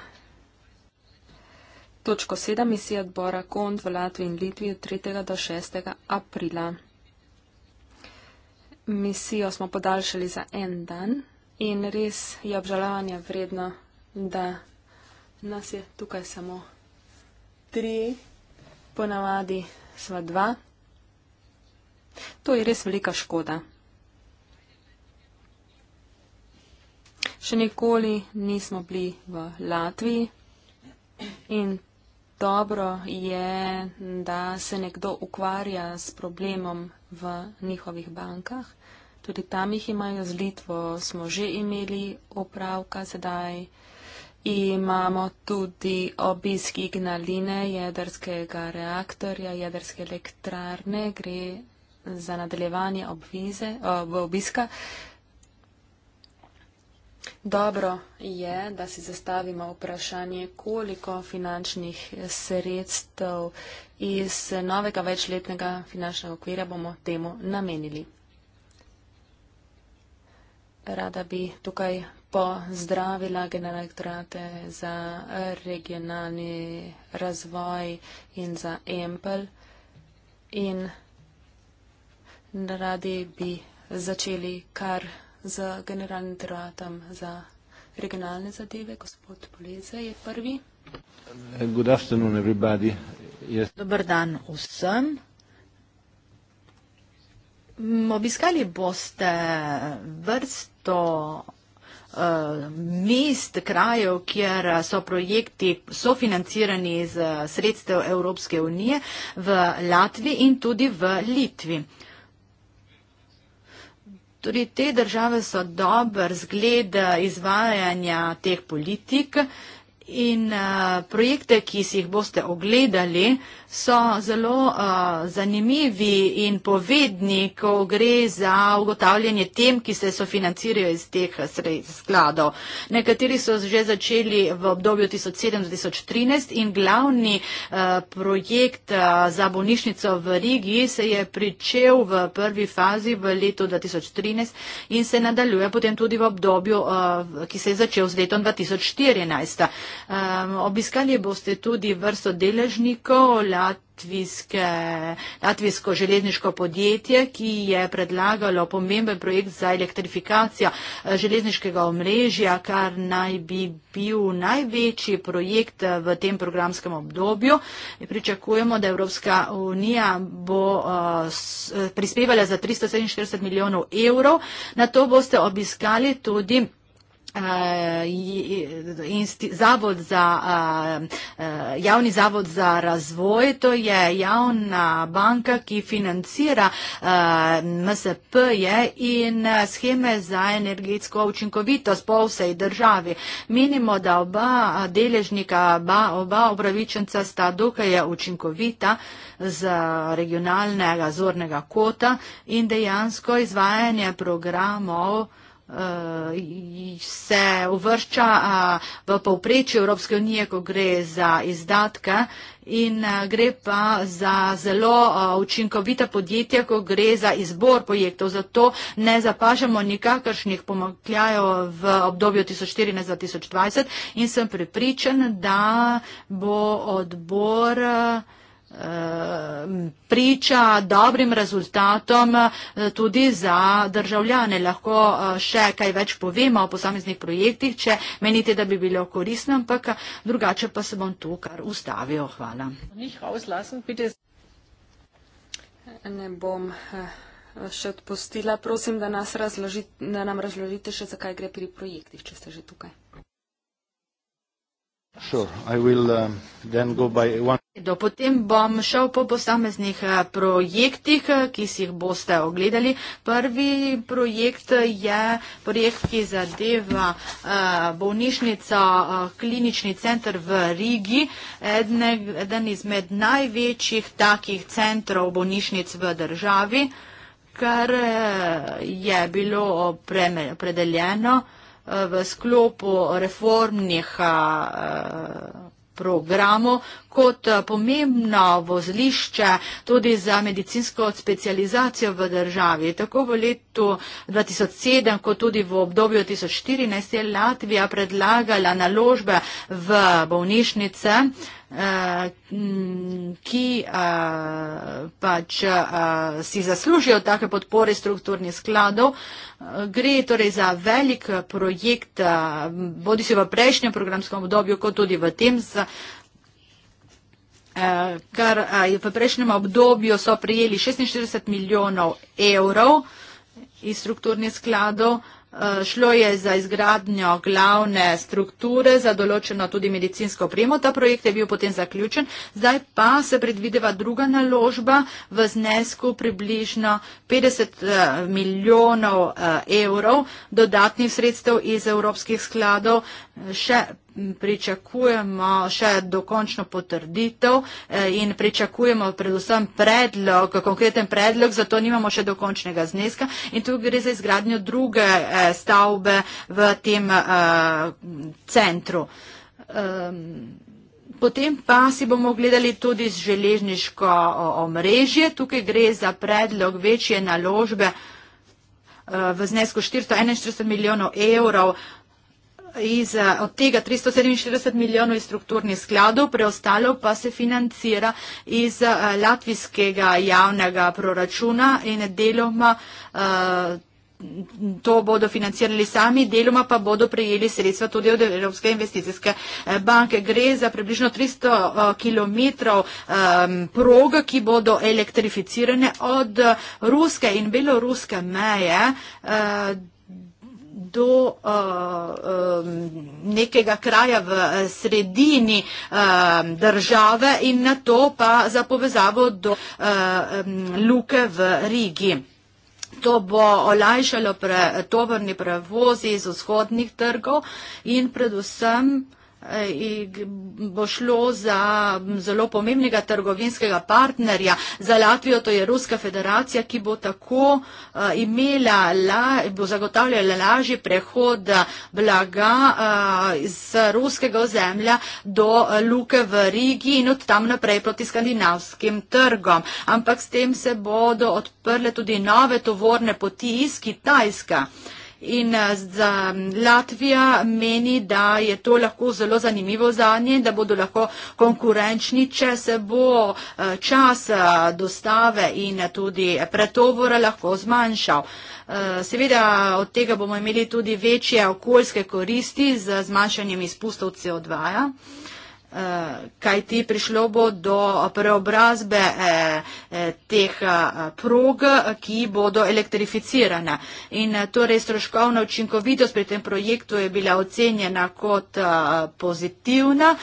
točko 7 misije odbora KONT v Latviji in Litvi od 3. do 6. aprila. Misijo smo podaljšali za en dan in res je obžalovanje vredno, da nas je tukaj samo tri, ponavadi sva dva. To je res velika škoda. Še nikoli nismo bili v Latviji in dobro je, da se nekdo ukvarja s problemom v njihovih bankah. Tudi tam jih imajo z Litvo, smo že imeli opravka sedaj. Imamo tudi obisk Ignaline, jedrskega reaktorja, jedrske elektrarne, gre za nadaljevanje obvize, ob eh, obiska. Dobro je, da si zastavimo vprašanje, koliko finančnih sredstev iz novega večletnega finančnega okvira bomo temu namenili. Rada bi tukaj pozdravila generaltrate za regionalni razvoj in za EMPL in radi bi začeli kar z generalnim teratom za regionalne zadeve. Gospod Poleze je prvi. Good afternoon everybody. Yes. Dobar dan vsem. Obiskali boste vrsto uh, mest, krajev, kjer so projekti sofinancirani z sredstev Evropske unije v Latviji in tudi v Litvi. Uh, Tudi te države so dober zgled eh, izvajanja teh politik in eh, projekte, ki si jih boste ogledali, so zelo uh, zanimivi in povedni, ko gre za ugotavljanje tem, ki se sofinancirajo iz teh skladov. Nekateri so že začeli v obdobju 1700-2013 in glavni uh, projekt uh, za bolnišnico v Rigi se je pričel v prvi fazi v letu 2013 in se nadaljuje potem tudi v obdobju, uh, ki se je začel z letom 2014. Uh, um, obiskali boste tudi vrsto deležnikov, latvijsko železniško podjetje, ki je predlagalo pomemben projekt za elektrifikacijo eh, železniškega omrežja, kar naj bi bil največji projekt eh, v tem programskem obdobju. Pričakujemo, da Evropska unija bo eh, prispevala za 347 milijonov evrov. Na to boste obiskali tudi Uh, zavod za, uh, uh, javni zavod za razvoj, to je javna banka, ki financira MSP-je in scheme za energetsko učinkovitost po vsej državi. Menimo, da oba deležnika, oba obravičenca sta dokaj učinkovita z regionalnega zornega kota in dejansko izvajanje programov Eh, se uvršča eh, v povprečju Evropske unije, ko gre za izdatke in eh, gre pa za zelo učinkovita podjetja, ko gre za izbor projektov. Zato ne zapažamo nikakršnih pomakljajev v obdobju 2014-2020 in sem pripričan, da bo odbor Ehm, priča dobrim rezultatom eh, tudi za državljane. Lahko eh, še kaj več povemo o posameznih projektih, če menite, da bi bilo koristno, ampak eh, drugače pa se bom tu kar ustavil. Hvala. Ne bom še odpustila. Prosim, da, razloži, da nam razložite še, zakaj gre pri projektih, če ste že tukaj. Um, Do potem bom šel po posameznih eh, projektih, eh, ki si jih boste ogledali. Prvi projekt je projekt, ki zadeva eh, bolnišnica, klinični center v Rigi, eden izmed največjih takih centrov bolnišnic v državi, kar je bilo opredeljeno v sklopu reformnih eh, programov kot eh, pomembno vozlišče tudi za medicinsko specializacijo v državi. Tako v letu 2007 kot tudi v obdobju 2014 je Latvija predlagala naložbe v bolnišnice Eh, mm, ki uh, pač uh, si zaslužijo take podpore strukturnih skladov. Gre torej za velik projekt, bodi si v prejšnjem programskem obdobju, kot tudi v tem. Z, kar je v prejšnjem obdobju so prijeli 46 milijonov evrov iz strukturnih skladov, Eh, šlo je za izgradnjo glavne strukture, za določeno tudi medicinsko opremo. Ta projekt je bil potem zaključen. Zdaj pa se predvideva druga naložba v znesku približno 50 eh, milijonov eh, evrov dodatnih sredstev iz evropskih skladov. Še pričakujemo še dokončno potrditev eh, in pričakujemo predvsem predlog, konkreten predlog, zato nimamo še dokončnega zneska in tu gre za izgradnjo druge eh, stavbe v tem eh, centru. Ehm, potem pa si bomo gledali tudi železniško omrežje, tukaj gre za predlog večje naložbe v znesku 441 milijonov evrov iz, eh, od tega 347 milijonov iz strukturnih skladov, preostalo pa se financira iz eh, latvijskega javnega proračuna in deloma eh, to bodo financirali sami, deloma pa bodo prejeli sredstva tudi od Evropske investicijske banke. Gre za približno 300 km proga, ki bodo elektrificirane od ruske in beloruske meje do uh, um, nekega kraja v eh, sredini uh, države in na to pa za povezavo do uh, um, luke v Rigi. To bo olajšalo pre, tovorni prevozi iz vzhodnih trgov in predvsem uh, Eh, bo šlo za zelo pomembnega trgovinskega partnerja. Za Latvijo to je Ruska federacija, ki bo tako eh, imela, bo zagotavljala lažji prehod eh, blaga z ruskega ozemlja do luke v Rigi in od tam naprej proti skandinavskim trgom. Ampak s tem se bodo odprle tudi nove tovorne poti iz Kitajska in eh, za Latvija meni, da je to lahko zelo zanimivo za nje, da bodo lahko konkurenčni, če se bo eh, čas eh, dostave in tudi pretovora lahko zmanjšal. Seveda od tega bomo imeli tudi večje okoljske koristi z zmanjšanjem izpustov CO2. -ja kajti prišlo bo do preobrazbe eh, eh, teh eh, prog, ki bodo elektrificirane. In torej stroškovna učinkovitost pri tem projektu je bila ocenjena kot pozitivna.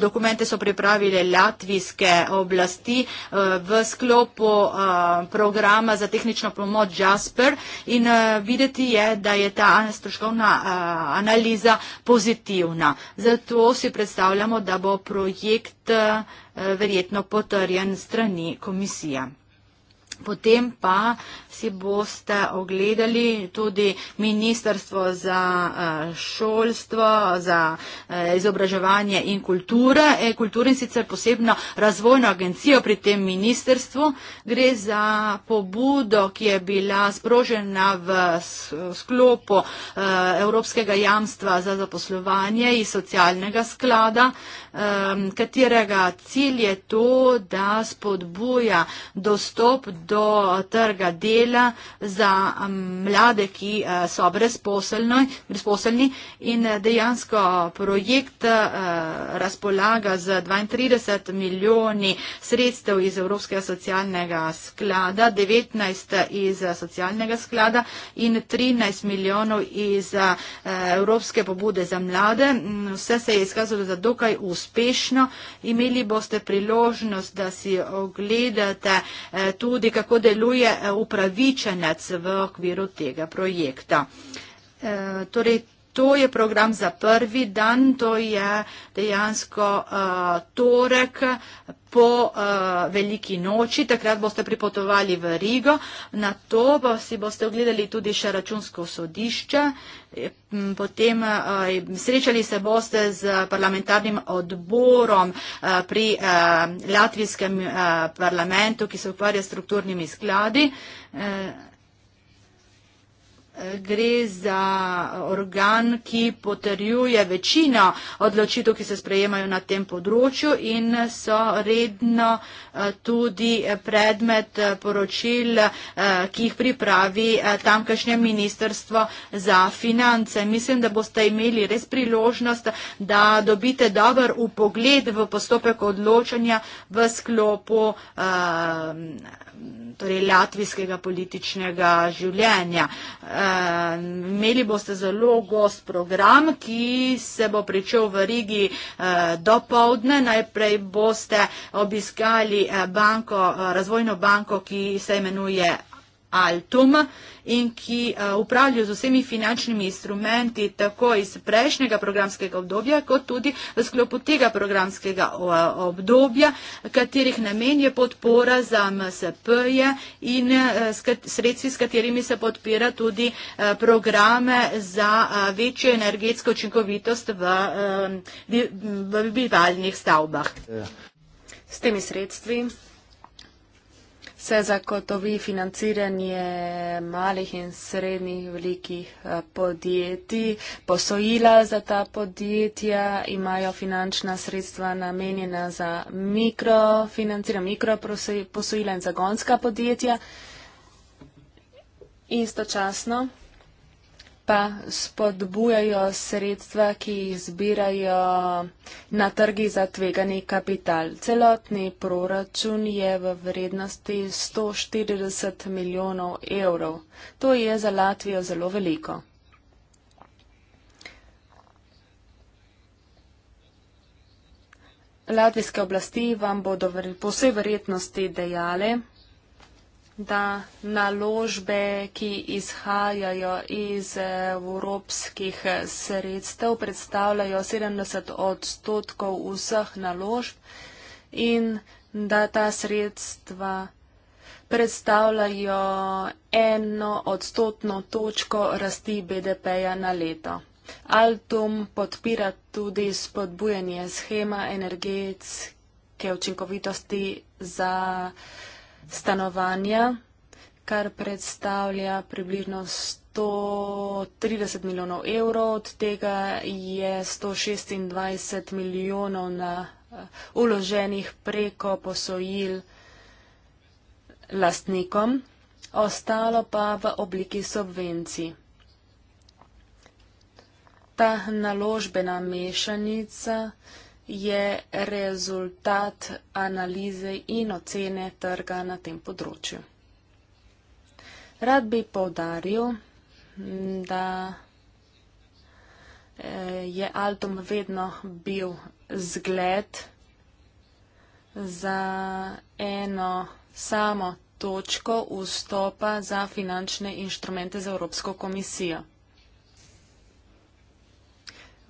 Dokumente so pripravile latvijske oblasti v sklopu programa za tehnično pomoč Jasper in videti je, da je ta stroškovna analiza pozitivna. Zato si predstavljamo, da bo projekt eh, verjetno potrjen strani komisija. Potem pa si boste ogledali tudi Ministrstvo za eh, šolstvo, za eh, izobraževanje in kulture, kulture in sicer posebno razvojno agencijo pri tem ministrstvu. Gre za pobudo, ki je bila sprožena v sklopu eh, Evropskega jamstva za zaposlovanje iz socialnega sklada, katerega cilj je to, da spodbuja dostop do trga dela, dela za um, mlade, ki uh, so brezposelni in uh, dejansko projekt uh, razpolaga z 32 milijoni sredstev iz Evropskega socialnega sklada, 19 iz socialnega sklada in 13 milijonov iz Evropske pobude za mlade. Mm, vse se je izkazalo za dokaj uspešno. Imeli boste priložnost, da si ogledate tudi, kako deluje upravljanje upravičenec v okviru tega projekta. E, torej, To je program za prvi dan, to je dejansko uh, torek po uh, veliki noči, takrat boste pripotovali v Rigo, na to bo, si boste ogledali tudi še računsko sodišče, potem uh, srečali se boste z parlamentarnim odborom uh, pri uh, latvijskem uh, parlamentu, ki se ukvarja s strukturnimi skladi. Uh, gre za organ, ki potrjuje večino odločitev, ki se sprejemajo na tem področju in so redno eh, tudi predmet eh, poročil, eh, ki jih pripravi tamkajšnje ministerstvo za finance. Mislim, da boste imeli res priložnost, da dobite dober upogled v postopek odločanja v sklopu torej latvijskega političnega življenja. E, imeli boste zelo gost program, ki se bo pričel v Rigi e, eh, do povdne. Najprej boste obiskali eh, banko, razvojno banko, ki se imenuje Altum in ki upravljajo z vsemi finančnimi instrumenti tako iz prejšnjega programskega obdobja, kot tudi v sklopu tega programskega obdobja, katerih namen je podpora za MSP-je in sredstvi, s katerimi se podpira tudi programe za večjo energetsko učinkovitost v bivalnih stavbah. S temi sredstvi se zagotovi financiranje malih in srednjih velikih eh, podjetij. Posojila za ta podjetja imajo finančna sredstva namenjena za mikrofinanciranje, mikroposojila in zagonska podjetja. Istočasno pa spodbujajo sredstva, ki izbirajo na trgi za tvegani kapital. Celotni proračun je v vrednosti 140 milijonov evrov. To je za Latvijo zelo veliko. Latvijske oblasti vam bodo po vsej verjetnosti dejale, da naložbe, ki izhajajo iz eh, evropskih sredstev, predstavljajo 70 odstotkov vseh naložb in da ta sredstva predstavljajo eno odstotno točko rasti BDP-ja na leto. Altum podpira tudi spodbujanje schema energetske učinkovitosti za stanovanja, kar predstavlja približno 130 milijonov evrov, od tega je 126 milijonov na eh, uloženih preko posojil lastnikom, ostalo pa v obliki subvencij. Ta naložbena mešanica je rezultat analize in ocene trga na tem področju. Rad bi povdaril, da eh, je Altom vedno bil zgled za eno samo točko vstopa za finančne inštrumente za Evropsko komisijo.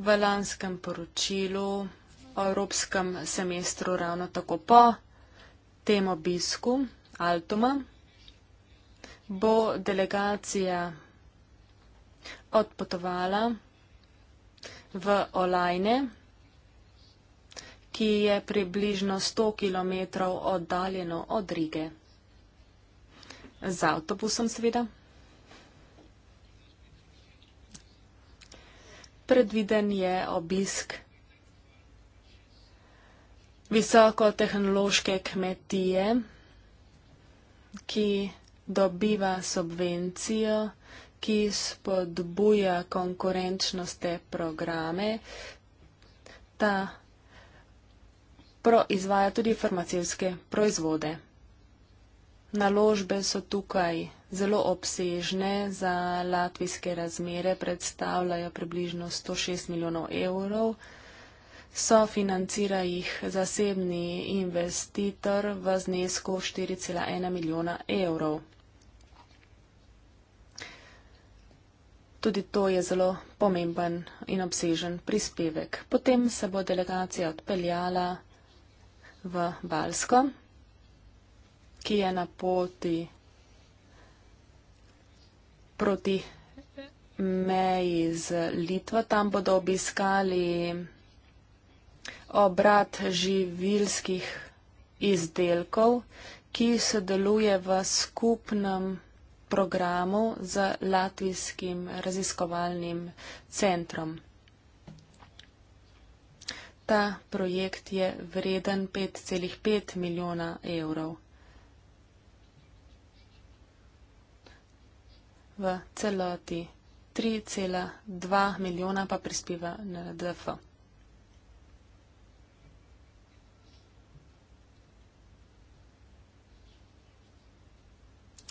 V lanskem poročilu o evropskem semestru ravno tako po tem obisku Altuma bo delegacija odpotovala v Olajne, ki je približno 100 km oddaljeno od Rige. Z avtobusom seveda. Predviden je obisk visokotehnološke kmetije, ki dobiva subvencijo, ki spodbuja konkurenčnostne programe. Ta proizvaja tudi farmacevske proizvode. Naložbe so tukaj zelo obsežne, za latvijske razmere predstavljajo približno 106 milijonov evrov sofinancira jih zasebni investitor v znesku 4,1 milijona evrov. Tudi to je zelo pomemben in obsežen prispevek. Potem se bo delegacija odpeljala v Balsko, ki je na poti proti meji z Litvo. Tam bodo obiskali obrat živilskih izdelkov, ki sodeluje v skupnem programu z Latvijskim raziskovalnim centrom. Ta projekt je vreden 5,5 milijona evrov. V celoti 3,2 milijona pa prispeva NRDF.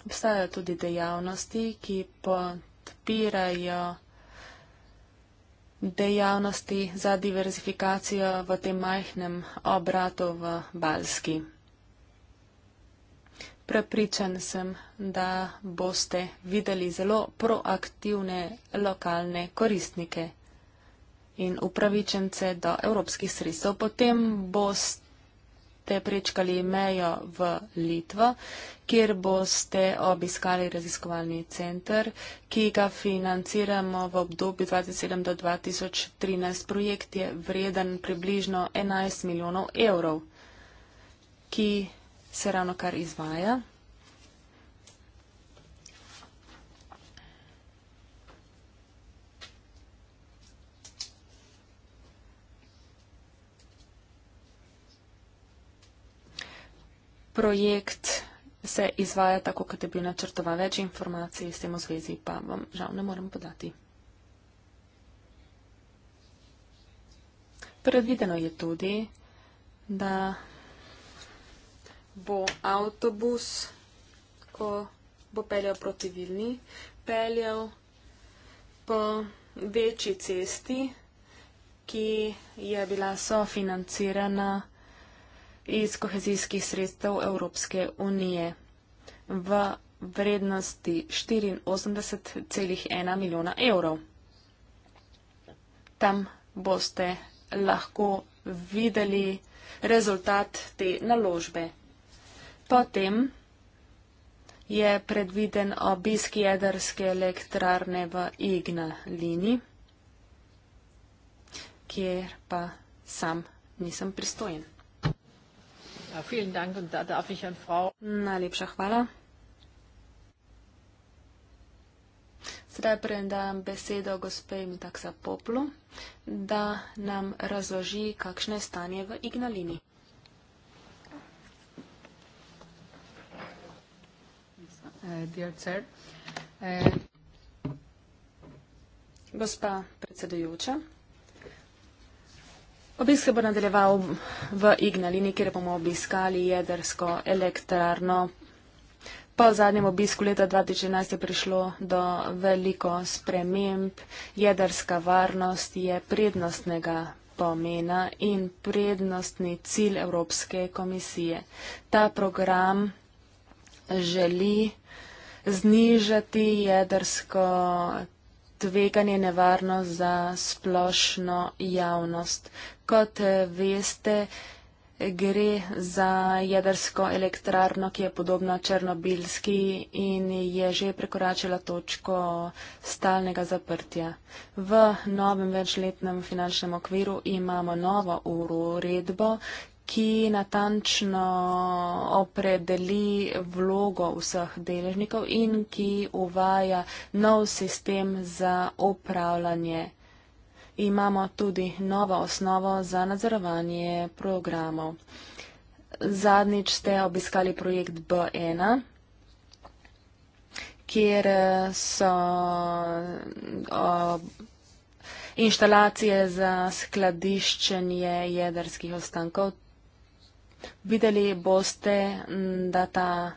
obstajajo tudi dejavnosti, ki podpirajo dejavnosti za diverzifikacijo v tem majhnem obratu v Balski. Prepričan sem, da boste videli zelo proaktivne lokalne koristnike in upravičence do evropskih sredstev. Potem boste boste prečkali mejo v Litvo, kjer boste obiskali raziskovalni center, ki ga financiramo v obdobju 2007 do 2013. Projekt je vreden približno 11 milijonov evrov, ki se ravno kar izvaja. projekt se izvaja tako, kot je bil načrtovan. Več informacij s tem v zvezi pa vam žal ne morem podati. Predvideno je tudi, da bo avtobus, ko bo peljal proti Vilni, peljal po večji cesti, ki je bila sofinancirana iz kohezijskih sredstev Evropske unije v vrednosti 84,1 milijona evrov. Tam boste lahko videli rezultat te naložbe. Potem je predviden obisk jedrske elektrarne v Ignalini, kjer pa sam nisem pristojen. Ja, vielen Dank und da darf ich an Frau. Najlepša hvala. Sedaj predam besedo gospej Mutaksa Poplu, da nam razloži, kakšno je stanje v Ignalini. Eh, eh, Gospa predsedujoča, Obisk se bo nadaljeval v Ignalini, kjer bomo obiskali jedrsko elektrarno. Po zadnjem obisku leta 2011 je prišlo do veliko sprememb. Jedrska varnost je prednostnega pomena in prednostni cilj Evropske komisije. Ta program želi znižati jedrsko tveganje nevarno za splošno javnost. Kot eh, veste, gre za jedrsko elektrarno, ki je podobna Černobilski in je že prekoračila točko stalnega zaprtja. V novem večletnem finančnem okviru imamo novo uredbo, ki natančno opredeli vlogo vseh deležnikov in ki uvaja nov sistem za upravljanje. Imamo tudi novo osnovo za nadzorovanje programov. Zadnjič ste obiskali projekt B1, kjer so inštalacije za skladiščenje jedrskih ostankov. Videli boste, mm, da ta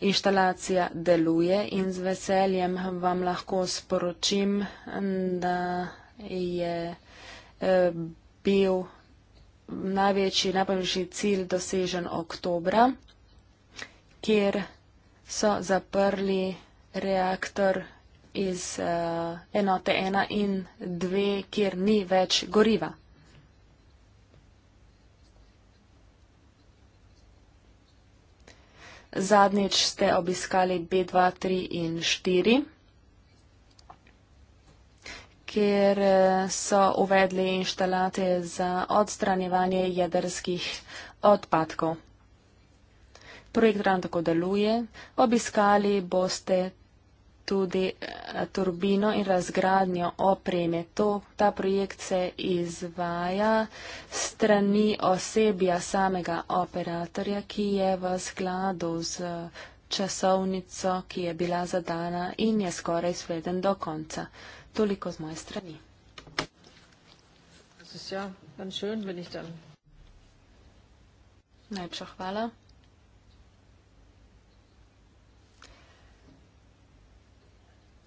inštalacija deluje in z veseljem vam lahko sporočim, mm, da je eh, bil največji, najboljši cilj dosežen oktobra, kjer so zaprli reaktor iz eh, enote 1 in 2, kjer ni več goriva. Zadnjič ste obiskali B2, 3 in 4, kjer eh, so uvedli inštalate za odstranjevanje jedrskih odpadkov. Projekt ravno tako deluje. Obiskali boste tudi eh, turbino in razgradnjo opreme. To, ta projekt se izvaja strani osebja samega operatorja, ki je v skladu z eh, časovnico, ki je bila zadana in je skoraj sveden do konca. Toliko z moje strani. Ja Najlepša hvala.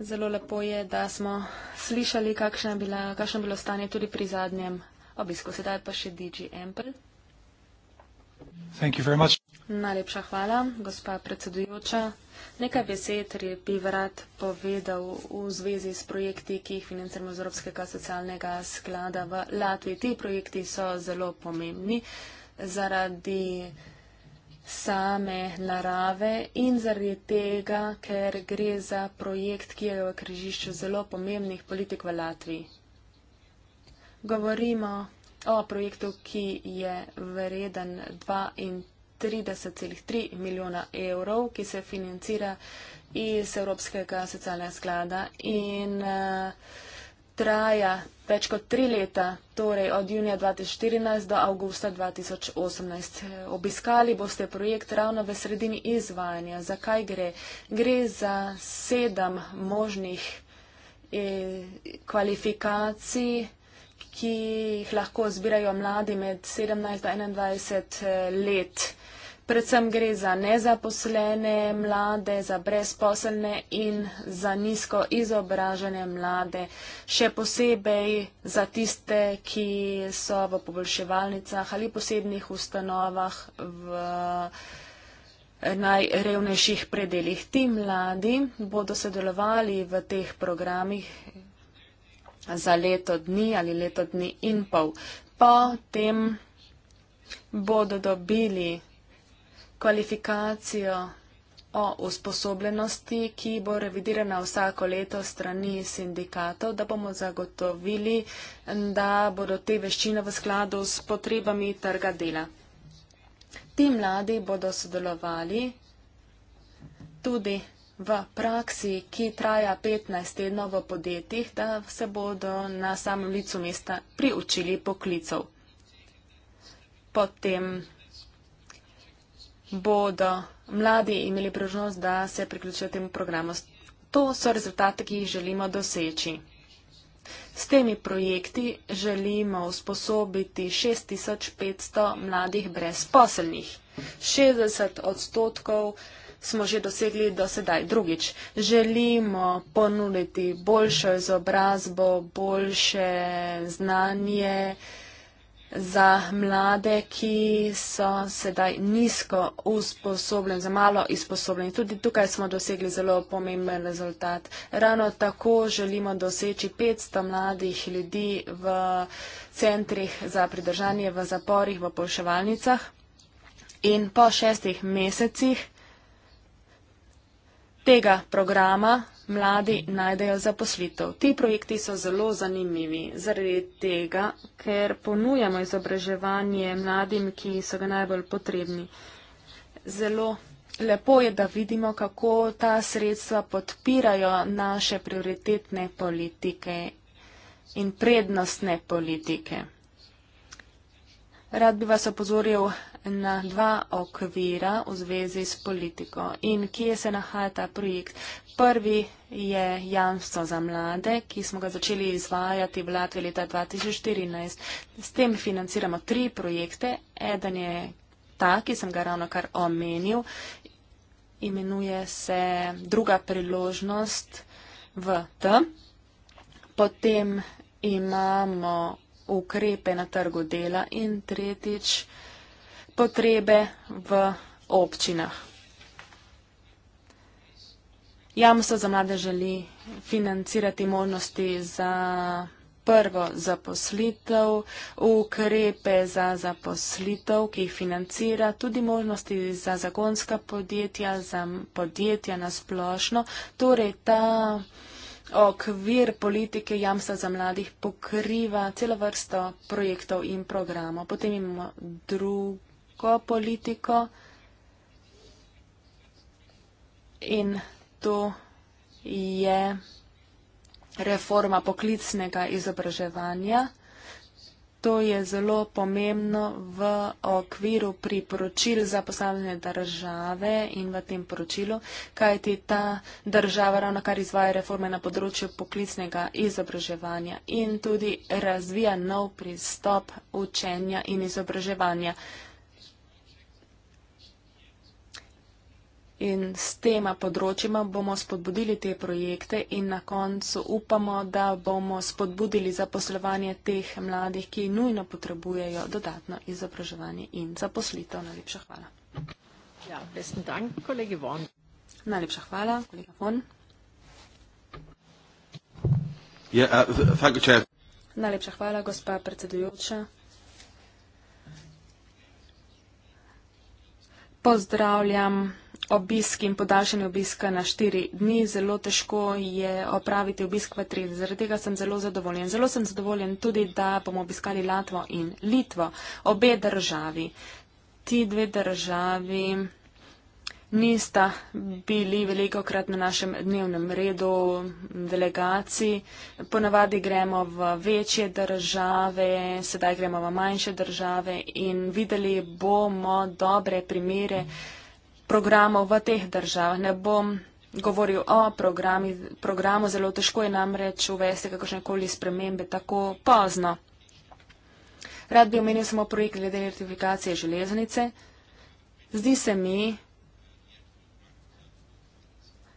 Zelo lepo je, da smo slišali, kakšno je, bila, kakšno je bilo stanje tudi pri zadnjem obisku. Sedaj pa še DG Ampel. Najlepša hvala, gospa predsedujoča. Nekaj besed bi rad povedal v zvezi s projekti, ki jih financiramo z Evropskega socialnega sklada v Latviji. Ti projekti so zelo pomembni zaradi same narave in zaradi tega, ker gre za projekt, ki je v križišču zelo pomembnih politik v Latviji. Govorimo o projektu, ki je vreden 32,3 milijona evrov, ki se financira iz Evropskega socialnega sklada in uh, traja več kot tri leta, torej od junija 2014 do avgusta 2018. Obiskali boste projekt ravno v sredini izvajanja. Zakaj gre? Gre za sedem možnih eh, kvalifikacij, ki jih lahko zbirajo mladi med 17 in 21 let. Predvsem gre za nezaposlene mlade, za brezposelne in za nizko izobražene mlade, še posebej za tiste, ki so v poboljševalnicah ali posebnih ustanovah v najrevnejših predeljih. Ti mladi bodo sodelovali v teh programih za leto dni ali leto dni in pol. Potem bodo dobili kvalifikacijo o usposobljenosti, ki bo revidirana vsako leto strani sindikatov, da bomo zagotovili, da bodo te veščine v skladu s potrebami trga dela. Ti mladi bodo sodelovali tudi v praksi, ki traja 15 tednov v podjetjih, da se bodo na samem licu mesta priučili poklicov. Potem bodo mladi imeli priložnost, da se priključijo temu programu. To so rezultate, ki jih želimo doseči. S temi projekti želimo usposobiti 6500 mladih brezposelnih. 60 odstotkov smo že dosegli do sedaj. Drugič, želimo ponuditi boljšo izobrazbo, boljše znanje za mlade, ki so sedaj nizko usposobljeni, za malo izposobljeni. Tudi tukaj smo dosegli zelo pomemben rezultat. Ravno tako želimo doseči 500 mladih ljudi v centrih za pridržanje, v zaporih, v polševalnicah. In po šestih mesecih tega programa mladi najdejo zaposlitev. Ti projekti so zelo zanimivi zaradi tega, ker ponujamo izobraževanje mladim, ki so ga najbolj potrebni. Zelo lepo je, da vidimo, kako ta sredstva podpirajo naše prioritetne politike in prednostne politike. Rad bi vas opozoril na dva okvira v zvezi s politiko. In kje se nahaja ta projekt? Prvi je jamstvo za mlade, ki smo ga začeli izvajati v Latvi leta 2014. S tem financiramo tri projekte. Eden je ta, ki sem ga ravno kar omenil. Imenuje se druga priložnost v T. Potem imamo ukrepe na trgu dela in tretjič potrebe v občinah. Jamstvo za mlade želi financirati možnosti za prvo zaposlitev, ukrepe za zaposlitev, ki jih financira, tudi možnosti za zagonska podjetja, za podjetja na splošno. Torej, ta okvir politike jamstva za mladih pokriva celo vrsto projektov in programov. Potem imamo drugo kmetijsko politiko in to je reforma poklicnega izobraževanja. To je zelo pomembno v okviru priporočil za posamezne države in v tem poročilu, kajti ta država ravno kar izvaja reforme na področju poklicnega izobraževanja in tudi razvija nov pristop učenja in izobraževanja. in s tema področjima bomo spodbudili te projekte in na koncu upamo, da bomo spodbudili zaposlovanje teh mladih, ki nujno potrebujejo dodatno izobraževanje in zaposlitev. Najlepša hvala. Ja, besten dan, kolegi Von. Najlepša hvala, kolega Von. Ja, thank you, chair. Najlepša hvala, gospa predsedujoča. Pozdravljam obisk in podaljšanje obiska na štiri dni. Zelo težko je opraviti obisk v tri. Zaradi tega sem zelo zadovoljen. Zelo sem zadovoljen tudi, da bomo obiskali Latvo in Litvo. Obe državi. Ti dve državi nista bili veliko krat na našem dnevnem redu delegacij. Ponavadi gremo v večje države, sedaj gremo v manjše države in videli bomo dobre primere. Mm programov v teh državah. Ne bom govoril o programi, programu, zelo težko je namreč uvesti kakršnekoli spremembe tako pozno. Rad bi omenil samo projekt glede elektrifikacije železnice. Zdi se mi,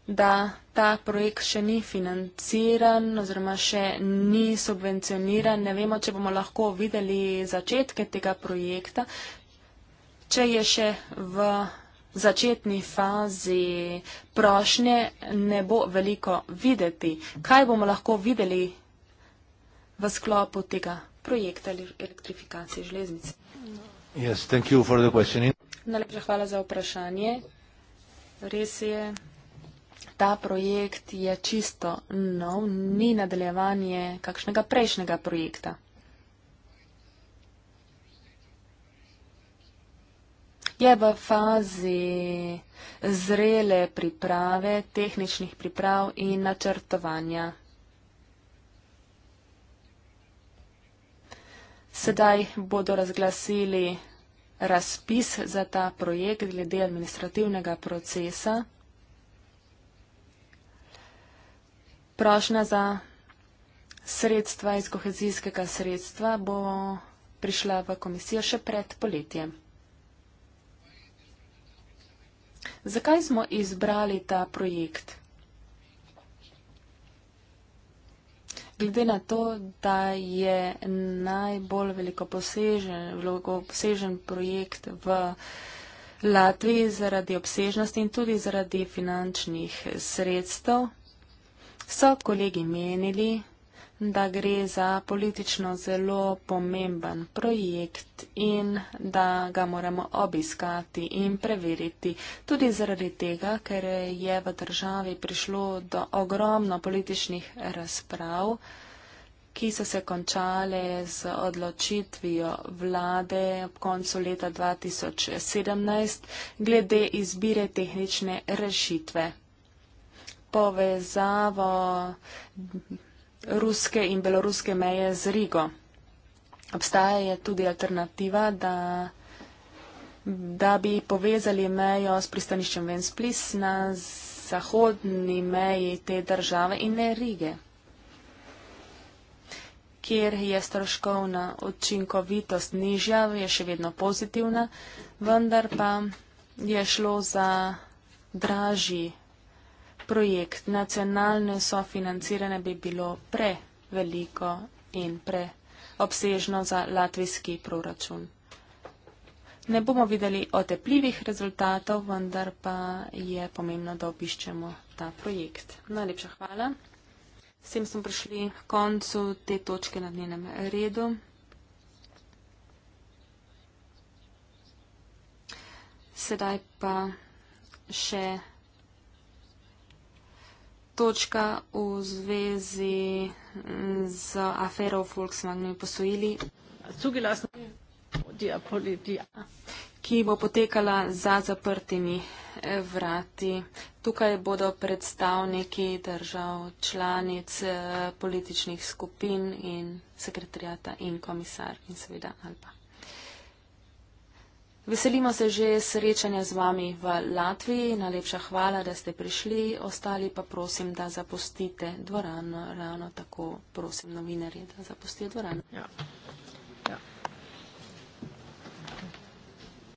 da ta projekt še ni financiran oziroma še ni subvencioniran. Ne vemo, če bomo lahko videli začetke tega projekta, če je še v začetni fazi prošnje ne bo veliko videti. Kaj bomo lahko videli v sklopu tega projekta elektrifikacije železnice? Yes, thank you for the question. Najlepša hvala za vprašanje. Res je, ta projekt je čisto nov, ni nadaljevanje kakšnega prejšnjega projekta. je v fazi zrele priprave, tehničnih priprav in načrtovanja. Sedaj bodo razglasili razpis za ta projekt glede administrativnega procesa. Prošnja za sredstva iz kohezijskega sredstva bo prišla v komisijo še pred poletjem. Zakaj smo izbrali ta projekt? Glede na to, da je najbolj veliko posežen, veliko posežen projekt v Latviji zaradi obsežnosti in tudi zaradi finančnih sredstev, so kolegi menili, da gre za politično zelo pomemben projekt in da ga moramo obiskati in preveriti. Tudi zaradi tega, ker je v državi prišlo do ogromno političnih razprav, ki so se končale z odločitvijo vlade ob koncu leta 2017 glede izbire tehnične rešitve. Povezavo ruske in beloruske meje z Rigo. Obstaja je tudi alternativa, da, da bi povezali mejo s pristaniščem Vensplis na zahodni meji te države in ne Rige, kjer je stroškovna učinkovitost nižja, je še vedno pozitivna, vendar pa je šlo za dražji projekt nacionalne sofinancirane bi bilo preveliko in preobsežno za latvijski proračun. Ne bomo videli otepljivih rezultatov, vendar pa je pomembno, da obiščemo ta projekt. Najlepša hvala. S tem smo prišli k koncu te točke na dnevnem redu. Sedaj pa še točka v zvezi z afero Volkswagen posojili, ki bo potekala za zaprtimi vrati. Tukaj bodo predstavniki držav članic eh, političnih skupin in sekretarjata in komisar in seveda Alba. Veselimo se že srečanja z vami v Latviji. Najlepša hvala, da ste prišli. Ostali pa prosim, da zapustite dvorano. Ravno tako prosim novinarje, da zapustijo dvorano. Ja.